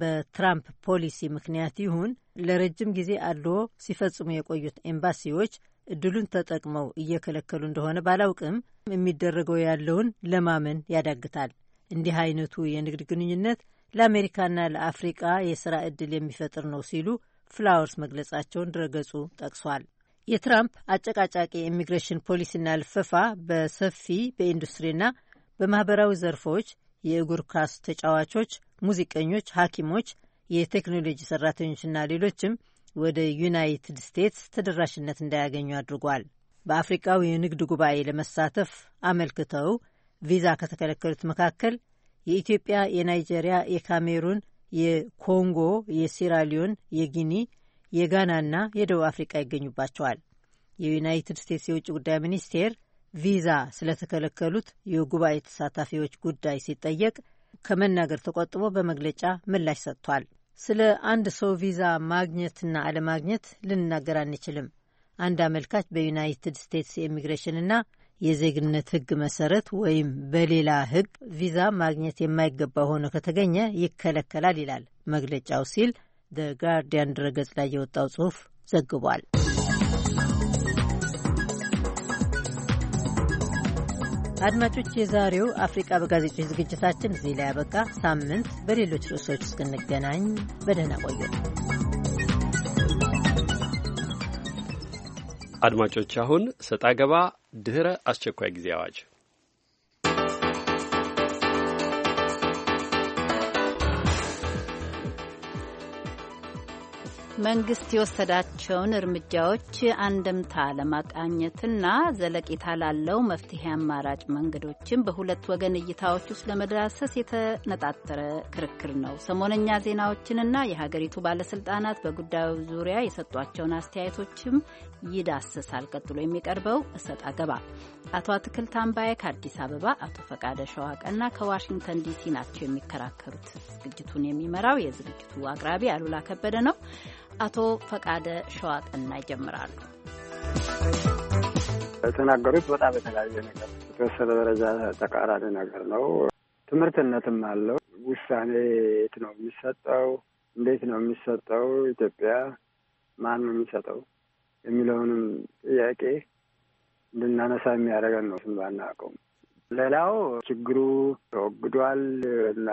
በትራምፕ ፖሊሲ ምክንያት ይሁን ለረጅም ጊዜ አድሎ ሲፈጽሙ የቆዩት ኤምባሲዎች እድሉን ተጠቅመው እየከለከሉ እንደሆነ ባላውቅም የሚደረገው ያለውን ለማመን ያዳግታል። እንዲህ አይነቱ የንግድ ግንኙነት ለአሜሪካና ለአፍሪቃ የስራ እድል የሚፈጥር ነው ሲሉ ፍላወርስ መግለጻቸውን ድረገጹ ጠቅሷል። የትራምፕ አጨቃጫቂ የኢሚግሬሽን ፖሊሲና ልፈፋ በሰፊ በኢንዱስትሪና በማህበራዊ ዘርፎች የእግር ኳስ ተጫዋቾች፣ ሙዚቀኞች፣ ሐኪሞች፣ የቴክኖሎጂ ሰራተኞችና ሌሎችም ወደ ዩናይትድ ስቴትስ ተደራሽነት እንዳያገኙ አድርጓል። በአፍሪቃው የንግድ ጉባኤ ለመሳተፍ አመልክተው ቪዛ ከተከለከሉት መካከል የኢትዮጵያ፣ የናይጄሪያ፣ የካሜሩን፣ የኮንጎ፣ የሲራሊዮን፣ የጊኒ፣ የጋናና የደቡብ አፍሪቃ ይገኙባቸዋል። የዩናይትድ ስቴትስ የውጭ ጉዳይ ሚኒስቴር ቪዛ ስለተከለከሉት የጉባኤ ተሳታፊዎች ጉዳይ ሲጠየቅ ከመናገር ተቆጥቦ በመግለጫ ምላሽ ሰጥቷል። ስለ አንድ ሰው ቪዛ ማግኘትና አለማግኘት ልንናገር አንችልም። አንድ አመልካች በዩናይትድ ስቴትስ የኢሚግሬሽንና የዜግነት ሕግ መሰረት ወይም በሌላ ሕግ ቪዛ ማግኘት የማይገባ ሆኖ ከተገኘ ይከለከላል ይላል መግለጫው ሲል ዘ ጋርዲያን ድረገጽ ላይ የወጣው ጽሑፍ ዘግቧል። አድማጮች፣ የዛሬው አፍሪቃ በጋዜጦች ዝግጅታችን እዚህ ላይ ያበቃ። ሳምንት በሌሎች ርዕሶች እስክንገናኝ በደህና ቆዩ። አድማጮች፣ አሁን ሰጣ ገባ ድህረ አስቸኳይ ጊዜ አዋጅ መንግስት የወሰዳቸውን እርምጃዎች አንድምታ ለማቃኘትና ዘለቂታ ላለው መፍትሄ አማራጭ መንገዶችን በሁለት ወገን እይታዎች ውስጥ ለመዳሰስ የተነጣጠረ ክርክር ነው። ሰሞነኛ ዜናዎችንና የሀገሪቱ ባለስልጣናት በጉዳዩ ዙሪያ የሰጧቸውን አስተያየቶችም ይዳስሳል። ቀጥሎ የሚቀርበው እሰጥ አገባ አቶ አትክልት አምባዬ ከአዲስ አበባ፣ አቶ ፈቃደ ሸዋቀና ከዋሽንግተን ዲሲ ናቸው የሚከራከሩት። ዝግጅቱን የሚመራው የዝግጅቱ አቅራቢ አሉላ ከበደ ነው። አቶ ፈቃደ ሸዋቀና ይጀምራሉ። የተናገሩት በጣም የተለያየ ነገር የተወሰነ ደረጃ ተቃራኒ ነገር ነው። ትምህርትነትም አለው። ውሳኔ የት ነው የሚሰጠው? እንዴት ነው የሚሰጠው? ኢትዮጵያ ማን ነው የሚሰጠው የሚለውንም ጥያቄ እንድናነሳ የሚያደርገን ነው። ስም ባናውቀውም ሌላው ችግሩ ተወግዷል እና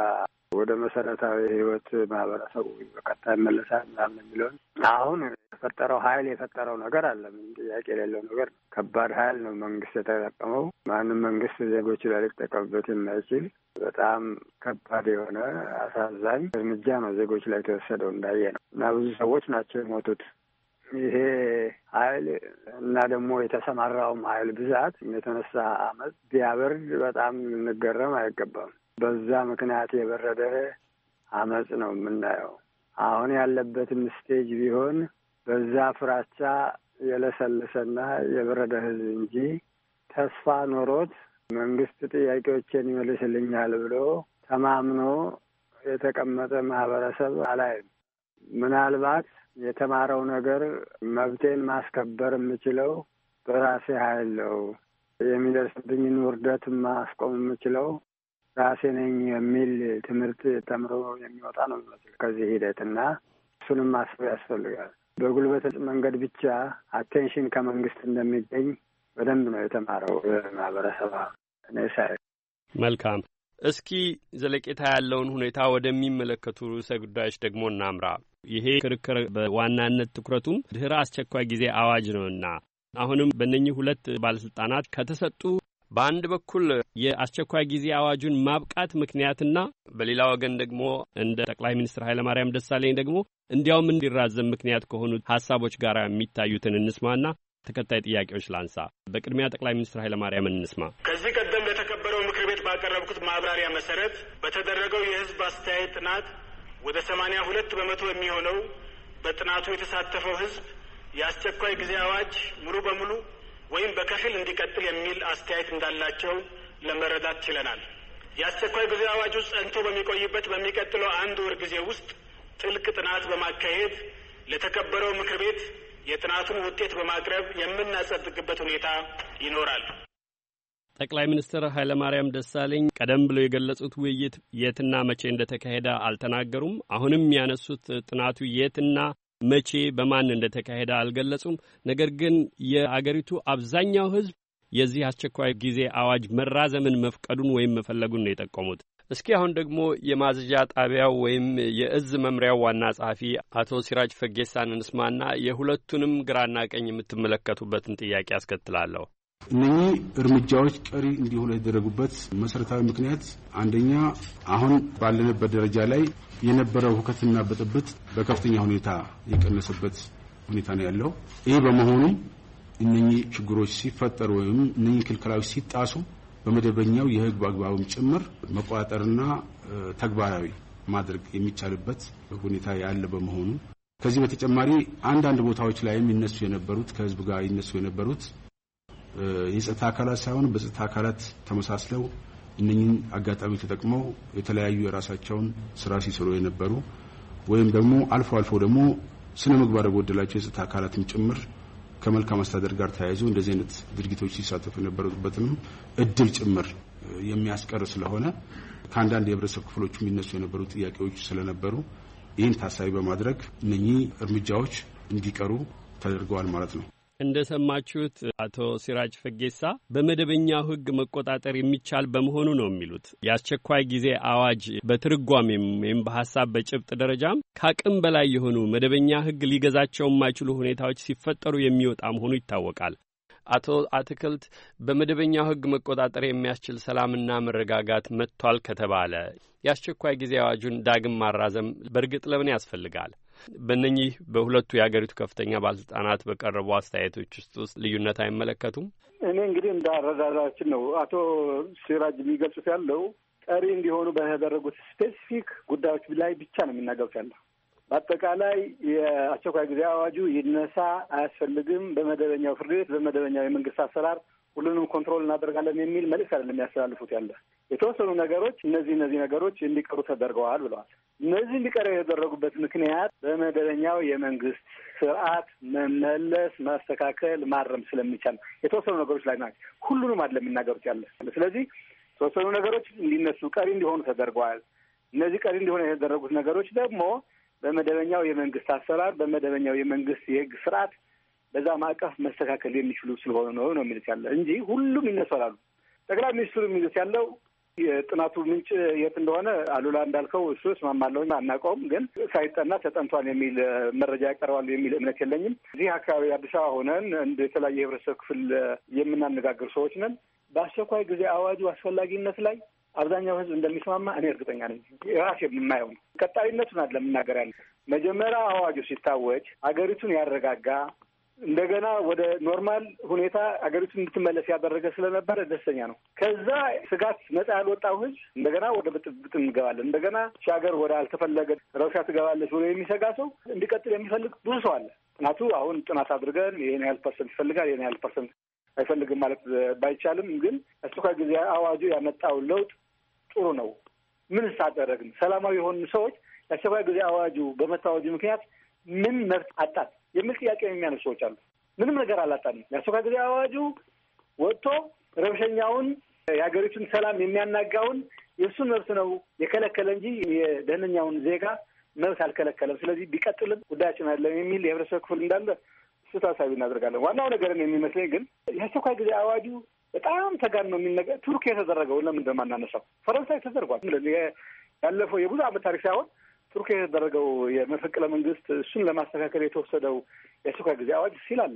ወደ መሰረታዊ ህይወት ማህበረሰቡ በቀጥታ ይመለሳል ምናምን የሚለውን አሁን የፈጠረው ሀይል የፈጠረው ነገር አለ። ጥያቄ የሌለው ነገር ከባድ ሀይል ነው መንግስት የተጠቀመው። ማንም መንግስት ዜጎች ላይ ሊጠቀምበት የማይችል በጣም ከባድ የሆነ አሳዛኝ እርምጃ ነው ዜጎች ላይ የተወሰደው። እንዳየ ነው እና ብዙ ሰዎች ናቸው የሞቱት። ይሄ ኃይል እና ደግሞ የተሰማራውም ኃይል ብዛት የተነሳ አመት ቢያበርድ በጣም እንገረም አይገባም። በዛ ምክንያት የበረደ አመፅ ነው የምናየው። አሁን ያለበትም ስቴጅ ቢሆን በዛ ፍራቻ የለሰለሰና የበረደ ህዝብ እንጂ ተስፋ ኖሮት መንግስት ጥያቄዎችን ይመልስልኛል ብሎ ተማምኖ የተቀመጠ ማህበረሰብ አላይም። ምናልባት የተማረው ነገር መብቴን ማስከበር የምችለው በራሴ ኃይል ነው፣ የሚደርስብኝን ውርደት ማስቆም የምችለው ራሴ ነኝ የሚል ትምህርት ተምሮ የሚወጣ ነው የሚመስል ከዚህ ሂደት እና እሱንም ማስብ ያስፈልጋል። በጉልበት መንገድ ብቻ አቴንሽን ከመንግስት እንደሚገኝ በደንብ ነው የተማረው ማህበረሰብ እኔ ሳይ መልካም እስኪ ዘለቄታ ያለውን ሁኔታ ወደሚመለከቱ ርዕሰ ጉዳዮች ደግሞ እናምራ። ይሄ ክርክር በዋናነት ትኩረቱም ድህረ አስቸኳይ ጊዜ አዋጅ ነውና አሁንም በእነኚህ ሁለት ባለስልጣናት ከተሰጡ በአንድ በኩል የአስቸኳይ ጊዜ አዋጁን ማብቃት ምክንያትና በሌላ ወገን ደግሞ እንደ ጠቅላይ ሚኒስትር ኃይለማርያም ደሳለኝ ደግሞ እንዲያውም እንዲራዘም ምክንያት ከሆኑ ሀሳቦች ጋር የሚታዩትን እንስማና ተከታይ ጥያቄዎች ላንሳ። በቅድሚያ ጠቅላይ ሚኒስትር ኃይለማርያም እንስማ። ከዚህ ቀደም ለተከበረው ምክር ቤት ባቀረብኩት ማብራሪያ መሰረት በተደረገው የህዝብ አስተያየት ጥናት ወደ ሰማኒያ ሁለት በመቶ የሚሆነው በጥናቱ የተሳተፈው ህዝብ የአስቸኳይ ጊዜ አዋጅ ሙሉ በሙሉ ወይም በከፊል እንዲቀጥል የሚል አስተያየት እንዳላቸው ለመረዳት ችለናል። የአስቸኳይ ጊዜ አዋጅ ውስጥ ጸንቶ በሚቆይበት በሚቀጥለው አንድ ወር ጊዜ ውስጥ ጥልቅ ጥናት በማካሄድ ለተከበረው ምክር ቤት የጥናቱን ውጤት በማቅረብ የምናጸድቅበት ሁኔታ ይኖራል። ጠቅላይ ሚኒስትር ኃይለማርያም ደሳለኝ ቀደም ብለው የገለጹት ውይይት የትና መቼ እንደተካሄደ አልተናገሩም። አሁንም ያነሱት ጥናቱ የትና መቼ በማን እንደተካሄደ አልገለጹም። ነገር ግን የአገሪቱ አብዛኛው ሕዝብ የዚህ አስቸኳይ ጊዜ አዋጅ መራዘምን መፍቀዱን ወይም መፈለጉን ነው የጠቆሙት። እስኪ አሁን ደግሞ የማዘዣ ጣቢያው ወይም የእዝ መምሪያው ዋና ጸሐፊ አቶ ሲራጅ ፈጌሳን እንስማና የሁለቱንም ግራና ቀኝ የምትመለከቱበትን ጥያቄ አስከትላለሁ። እነኚህ እርምጃዎች ቀሪ እንዲሆኑ የተደረጉበት መሰረታዊ ምክንያት አንደኛ አሁን ባለንበት ደረጃ ላይ የነበረው ሁከትና ብጥብጥ በከፍተኛ ሁኔታ የቀነሰበት ሁኔታ ነው ያለው። ይህ በመሆኑ እነኚህ ችግሮች ሲፈጠሩ ወይም እነኚህ ክልከላዎች ሲጣሱ በመደበኛው የሕግ አግባብም ጭምር መቆጣጠርና ተግባራዊ ማድረግ የሚቻልበት ሁኔታ ያለ በመሆኑ ከዚህ በተጨማሪ አንዳንድ ቦታዎች ላይም ይነሱ የነበሩት ከህዝብ ጋር ይነሱ የነበሩት የጸጥታ አካላት ሳይሆን በጸጥታ አካላት ተመሳስለው እነኝን አጋጣሚ ተጠቅመው የተለያዩ የራሳቸውን ስራ ሲሰሩ የነበሩ ወይም ደግሞ አልፎ አልፎ ደግሞ ስነ ምግባር የጎደላቸው የጸጥታ አካላትም ጭምር ከመልካም አስተዳደር ጋር ተያይዞ እንደዚህ አይነት ድርጊቶች ሲሳተፉ የነበሩበትንም እድል ጭምር የሚያስቀር ስለሆነ ከአንዳንድ የህብረተሰብ ክፍሎች የሚነሱ የነበሩ ጥያቄዎች ስለነበሩ ይህን ታሳቢ በማድረግ እነኚህ እርምጃዎች እንዲቀሩ ተደርገዋል ማለት ነው። እንደ ሰማችሁት አቶ ሲራጅ ፈጌሳ በመደበኛው ሕግ መቆጣጠር የሚቻል በመሆኑ ነው የሚሉት። የአስቸኳይ ጊዜ አዋጅ በትርጓሜም ወይም በሀሳብ በጭብጥ ደረጃም ከአቅም በላይ የሆኑ መደበኛ ሕግ ሊገዛቸው የማይችሉ ሁኔታዎች ሲፈጠሩ የሚወጣ መሆኑ ይታወቃል። አቶ አትክልት በመደበኛው ሕግ መቆጣጠር የሚያስችል ሰላምና መረጋጋት መጥቷል ከተባለ የአስቸኳይ ጊዜ አዋጁን ዳግም ማራዘም በእርግጥ ለምን ያስፈልጋል? በእነኚህ በሁለቱ የሀገሪቱ ከፍተኛ ባለስልጣናት በቀረቡ አስተያየቶች ውስጥ ውስጥ ልዩነት አይመለከቱም? እኔ እንግዲህ እንደ አረዳዳችን ነው አቶ ሲራጅ የሚገልጹት ያለው ቀሪ እንዲሆኑ በተደረጉት ስፔሲፊክ ጉዳዮች ላይ ብቻ ነው የሚናገሩት ያለው። በአጠቃላይ የአስቸኳይ ጊዜ አዋጁ ይነሳ አያስፈልግም፣ በመደበኛው ፍርድ ቤት በመደበኛው የመንግስት አሰራር ሁሉንም ኮንትሮል እናደርጋለን የሚል መልዕክት አይደለም የሚያስተላልፉት ያለ የተወሰኑ ነገሮች እነዚህ እነዚህ ነገሮች እንዲቀሩ ተደርገዋል ብለዋል። እነዚህ እንዲቀረ የተደረጉበት ምክንያት በመደበኛው የመንግስት ስርዓት መመለስ፣ ማስተካከል፣ ማረም ስለሚቻል የተወሰኑ ነገሮች ላይ ናቸው። ሁሉንም አለ የሚናገሩት ያለ። ስለዚህ የተወሰኑ ነገሮች እንዲነሱ ቀሪ እንዲሆኑ ተደርገዋል። እነዚህ ቀሪ እንዲሆኑ የተደረጉት ነገሮች ደግሞ በመደበኛው የመንግስት አሰራር፣ በመደበኛው የመንግስት የህግ ስርዓት በዛ ማዕቀፍ መስተካከል የሚችሉ ስለሆኑ ነው ነው የሚሉት ያለ እንጂ ሁሉም ይነሳላሉ። ጠቅላይ ሚኒስትሩ የሚሉት ያለው የጥናቱ ምንጭ የት እንደሆነ አሉላ እንዳልከው እሱ እስማማለሁ፣ አናውቀውም። ግን ሳይጠና ተጠንቷል የሚል መረጃ ያቀርባሉ የሚል እምነት የለኝም። እዚህ አካባቢ አዲስ አበባ ሆነን እንደ የተለያየ ህብረተሰብ ክፍል የምናነጋግር ሰዎች ነን። በአስቸኳይ ጊዜ አዋጁ አስፈላጊነት ላይ አብዛኛው ህዝብ እንደሚስማማ እኔ እርግጠኛ ነኝ። ራሴ የምናየው ነው። ቀጣይነቱን አይደለም የምናገር ያለ መጀመሪያ አዋጁ ሲታወጅ ሀገሪቱን ያረጋጋ እንደገና ወደ ኖርማል ሁኔታ አገሪቱ እንድትመለስ ያደረገ ስለነበረ ደስተኛ ነው። ከዛ ስጋት ነጻ ያልወጣው ህዝብ እንደገና ወደ ብጥብጥ እንገባለን፣ እንደገና ሀገር ወደ አልተፈለገ ረብሻ ትገባለች ብሎ የሚሰጋ ሰው እንዲቀጥል የሚፈልግ ብዙ ሰው አለ። ምክንያቱ አሁን ጥናት አድርገን ይህን ያህል ፐርሰንት ይፈልጋል ይህን ያህል ፐርሰንት አይፈልግም ማለት ባይቻልም፣ ግን አስቸኳይ ጊዜ አዋጁ ያመጣው ለውጥ ጥሩ ነው። ምን ሳደረግን ሰላማዊ የሆኑ ሰዎች የአስቸኳይ ጊዜ አዋጁ በመታወጁ ምክንያት ምን መብት አጣት? የሚል ጥያቄ የሚያነሱ ሰዎች አሉ። ምንም ነገር አላጣንም። የአስቸኳይ ጊዜ አዋጁ ወጥቶ ረብሸኛውን የሀገሪቱን ሰላም የሚያናጋውን የእሱን መብት ነው የከለከለ እንጂ የደህነኛውን ዜጋ መብት አልከለከለም። ስለዚህ ቢቀጥልም ጉዳያችን አይደለም የሚል የህብረተሰብ ክፍል እንዳለ እሱ ታሳቢ እናደርጋለን። ዋናው ነገርን የሚመስለኝ ግን የአስቸኳይ ጊዜ አዋጁ በጣም ተጋን ነው የሚነገ ቱርክ የተደረገው ለምን እንደማናነሳው ፈረንሳይ ተደርጓል። ያለፈው የብዙ አመት ታሪክ ሳይሆን ቱርክ የተደረገው የመፈቅለ መንግስት እሱን ለማስተካከል የተወሰደው የአስቸኳይ ጊዜ አዋጅ ሲል አለ፣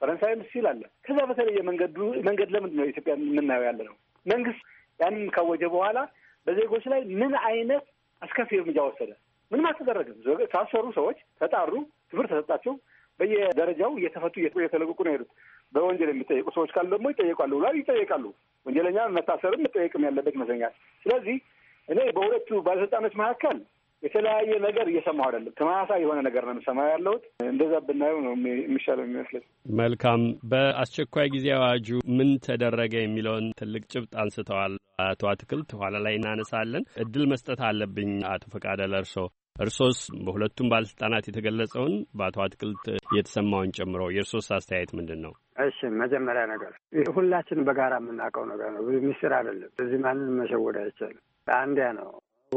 ፈረንሳይም ሲል አለ። ከዛ በተለየ መንገዱ መንገድ ለምንድን ነው ኢትዮጵያ የምናየው ያለ ነው? መንግስት ያንን ካወጀ በኋላ በዜጎች ላይ ምን አይነት አስከፊ እርምጃ ወሰደ? ምንም አልተደረገም። ታሰሩ፣ ሰዎች ተጣሩ፣ ትምህርት ተሰጣቸው። በየደረጃው እየተፈቱ እየተለቀቁ ነው የሄዱት። በወንጀል የሚጠየቁ ሰዎች ካሉ ደግሞ ይጠየቃሉ ላ ይጠየቃሉ። ወንጀለኛ መታሰርም መጠየቅም ያለበት ይመስለኛል። ስለዚህ እኔ በሁለቱ ባለስልጣኖች መካከል የተለያየ ነገር እየሰማሁ አይደለም። ተመሳሳይ የሆነ ነገር ነው የምሰማው ያለሁት። እንደዛ ብናየው ነው የሚሻለው የሚመስለኝ። መልካም። በአስቸኳይ ጊዜ አዋጁ ምን ተደረገ የሚለውን ትልቅ ጭብጥ አንስተዋል አቶ አትክልት፣ ኋላ ላይ እናነሳለን። እድል መስጠት አለብኝ አቶ ፈቃደ ለእርሶ እርሶስ በሁለቱም ባለስልጣናት የተገለጸውን በአቶ አትክልት የተሰማውን ጨምሮ የእርሶስ አስተያየት ምንድን ነው? እሺ መጀመሪያ ነገር ሁላችን በጋራ የምናውቀው ነገር ነው። ብዙ ሚስጥር አይደለም። እዚህ ማንን መሸወድ አይቻልም። አንዲያ ነው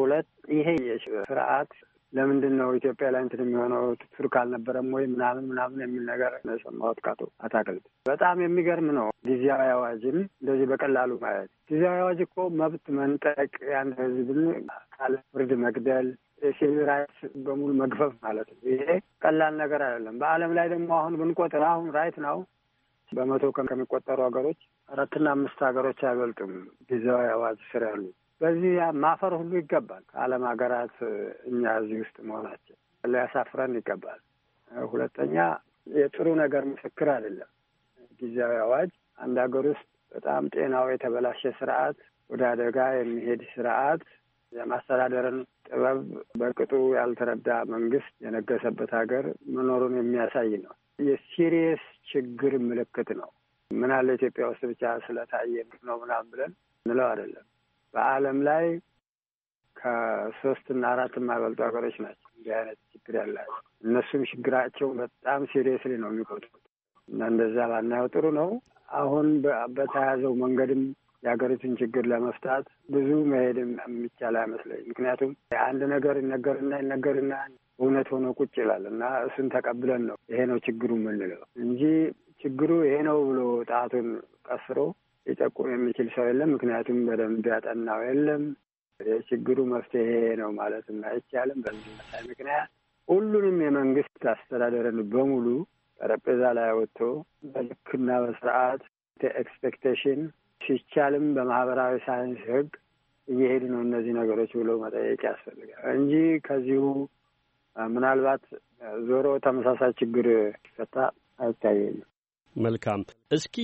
ሁለት ይሄ ስርዓት ለምንድን ነው ኢትዮጵያ ላይ እንትን የሚሆነው ትፍር ካልነበረም ወይ ምናምን ምናምን የሚል ነገር ነው የሰማሁት ከአቶ አታክልት። በጣም የሚገርም ነው። ጊዜያዊ አዋጅን እንደዚህ በቀላሉ ማየት። ጊዜያዊ አዋጅ እኮ መብት መንጠቅ፣ ያን ህዝብን ካለ ፍርድ መግደል ሲቪል ራይት በሙሉ መግፈፍ ማለት ነው። ይሄ ቀላል ነገር አይደለም። በዓለም ላይ ደግሞ አሁን ብንቆጥር አሁን ራይት ነው በመቶ ከሚቆጠሩ ሀገሮች አራትና አምስት ሀገሮች አይበልጡም ጊዜያዊ አዋጅ ስር ያሉት። በዚህ ማፈር ሁሉ ይገባል። ከዓለም ሀገራት እኛ እዚህ ውስጥ መሆናችን ሊያሳፍረን ይገባል። ሁለተኛ የጥሩ ነገር ምስክር አይደለም። ጊዜያዊ አዋጅ አንድ ሀገር ውስጥ በጣም ጤናው የተበላሸ ስርዓት፣ ወደ አደጋ የሚሄድ ስርዓት፣ የማስተዳደርን ጥበብ በቅጡ ያልተረዳ መንግስት የነገሰበት ሀገር መኖሩን የሚያሳይ ነው። የሲሪየስ ችግር ምልክት ነው። ምናለ ኢትዮጵያ ውስጥ ብቻ ስለታየ ነው ምናምን ብለን እንለው አይደለም። በዓለም ላይ ከሶስት እና አራት የማይበልጡ ሀገሮች ናቸው እንዲህ አይነት ችግር ያላቸው። እነሱም ችግራቸው በጣም ሲሪየስሊ ነው የሚቆጡት እና እንደዛ ባናየው ጥሩ ነው። አሁን በተያዘው መንገድም የሀገሪቱን ችግር ለመፍታት ብዙ መሄድም የሚቻል አይመስለኝ። ምክንያቱም አንድ ነገር ይነገርና ይነገርና እውነት ሆኖ ቁጭ ይላል እና እሱን ተቀብለን ነው ይሄ ነው ችግሩ የምንለው እንጂ ችግሩ ይሄ ነው ብሎ ጣቱን ቀስሮ ሊጠቁም የሚችል ሰው የለም። ምክንያቱም በደንብ ያጠናው የለም። የችግሩ መፍትሄ ነው ማለትም አይቻልም። በዚህ መሳይ ምክንያት ሁሉንም የመንግስት አስተዳደርን በሙሉ ጠረጴዛ ላይ አወጥቶ በልክና በስርዓት ኤክስፔክቴሽን ሲቻልም በማህበራዊ ሳይንስ ህግ እየሄዱ ነው እነዚህ ነገሮች ብሎ መጠየቅ ያስፈልጋል እንጂ ከዚሁ ምናልባት ዞሮ ተመሳሳይ ችግር ፈታ አይታየኝም። መልካም። እስኪ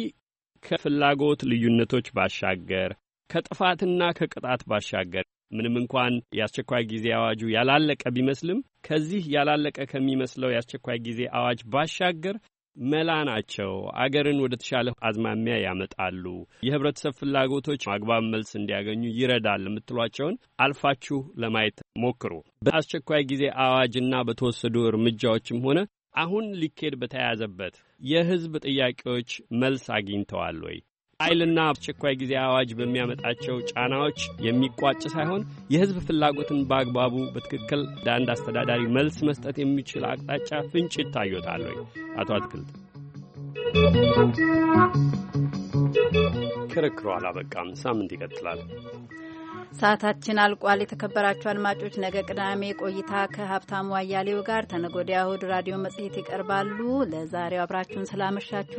ከፍላጎት ልዩነቶች ባሻገር ከጥፋትና ከቅጣት ባሻገር ምንም እንኳን የአስቸኳይ ጊዜ አዋጁ ያላለቀ ቢመስልም ከዚህ ያላለቀ ከሚመስለው የአስቸኳይ ጊዜ አዋጅ ባሻገር መላ ናቸው። አገርን ወደ ተሻለ አዝማሚያ ያመጣሉ፣ የህብረተሰብ ፍላጎቶች አግባብ መልስ እንዲያገኙ ይረዳል የምትሏቸውን አልፋችሁ ለማየት ሞክሩ። በአስቸኳይ ጊዜ አዋጅና በተወሰዱ እርምጃዎችም ሆነ አሁን ሊኬድ በተያያዘበት የህዝብ ጥያቄዎች መልስ አግኝተዋል ወይ? ኃይልና አስቸኳይ ጊዜ አዋጅ በሚያመጣቸው ጫናዎች የሚቋጭ ሳይሆን የህዝብ ፍላጎትን በአግባቡ በትክክል ለአንድ አስተዳዳሪ መልስ መስጠት የሚችል አቅጣጫ ፍንጭ ይታዩታል ወይ? አቶ አትክልት ክርክሩ አላበቃም፣ ሳምንት ይቀጥላል። ሰዓታችን አልቋል። የተከበራችሁ አድማጮች፣ ነገ ቅዳሜ ቆይታ ከሀብታሙ አያሌው ጋር ተነገ እሁድ ራዲዮ መጽሔት ይቀርባሉ። ለዛሬው አብራችሁን ስላመሻችሁ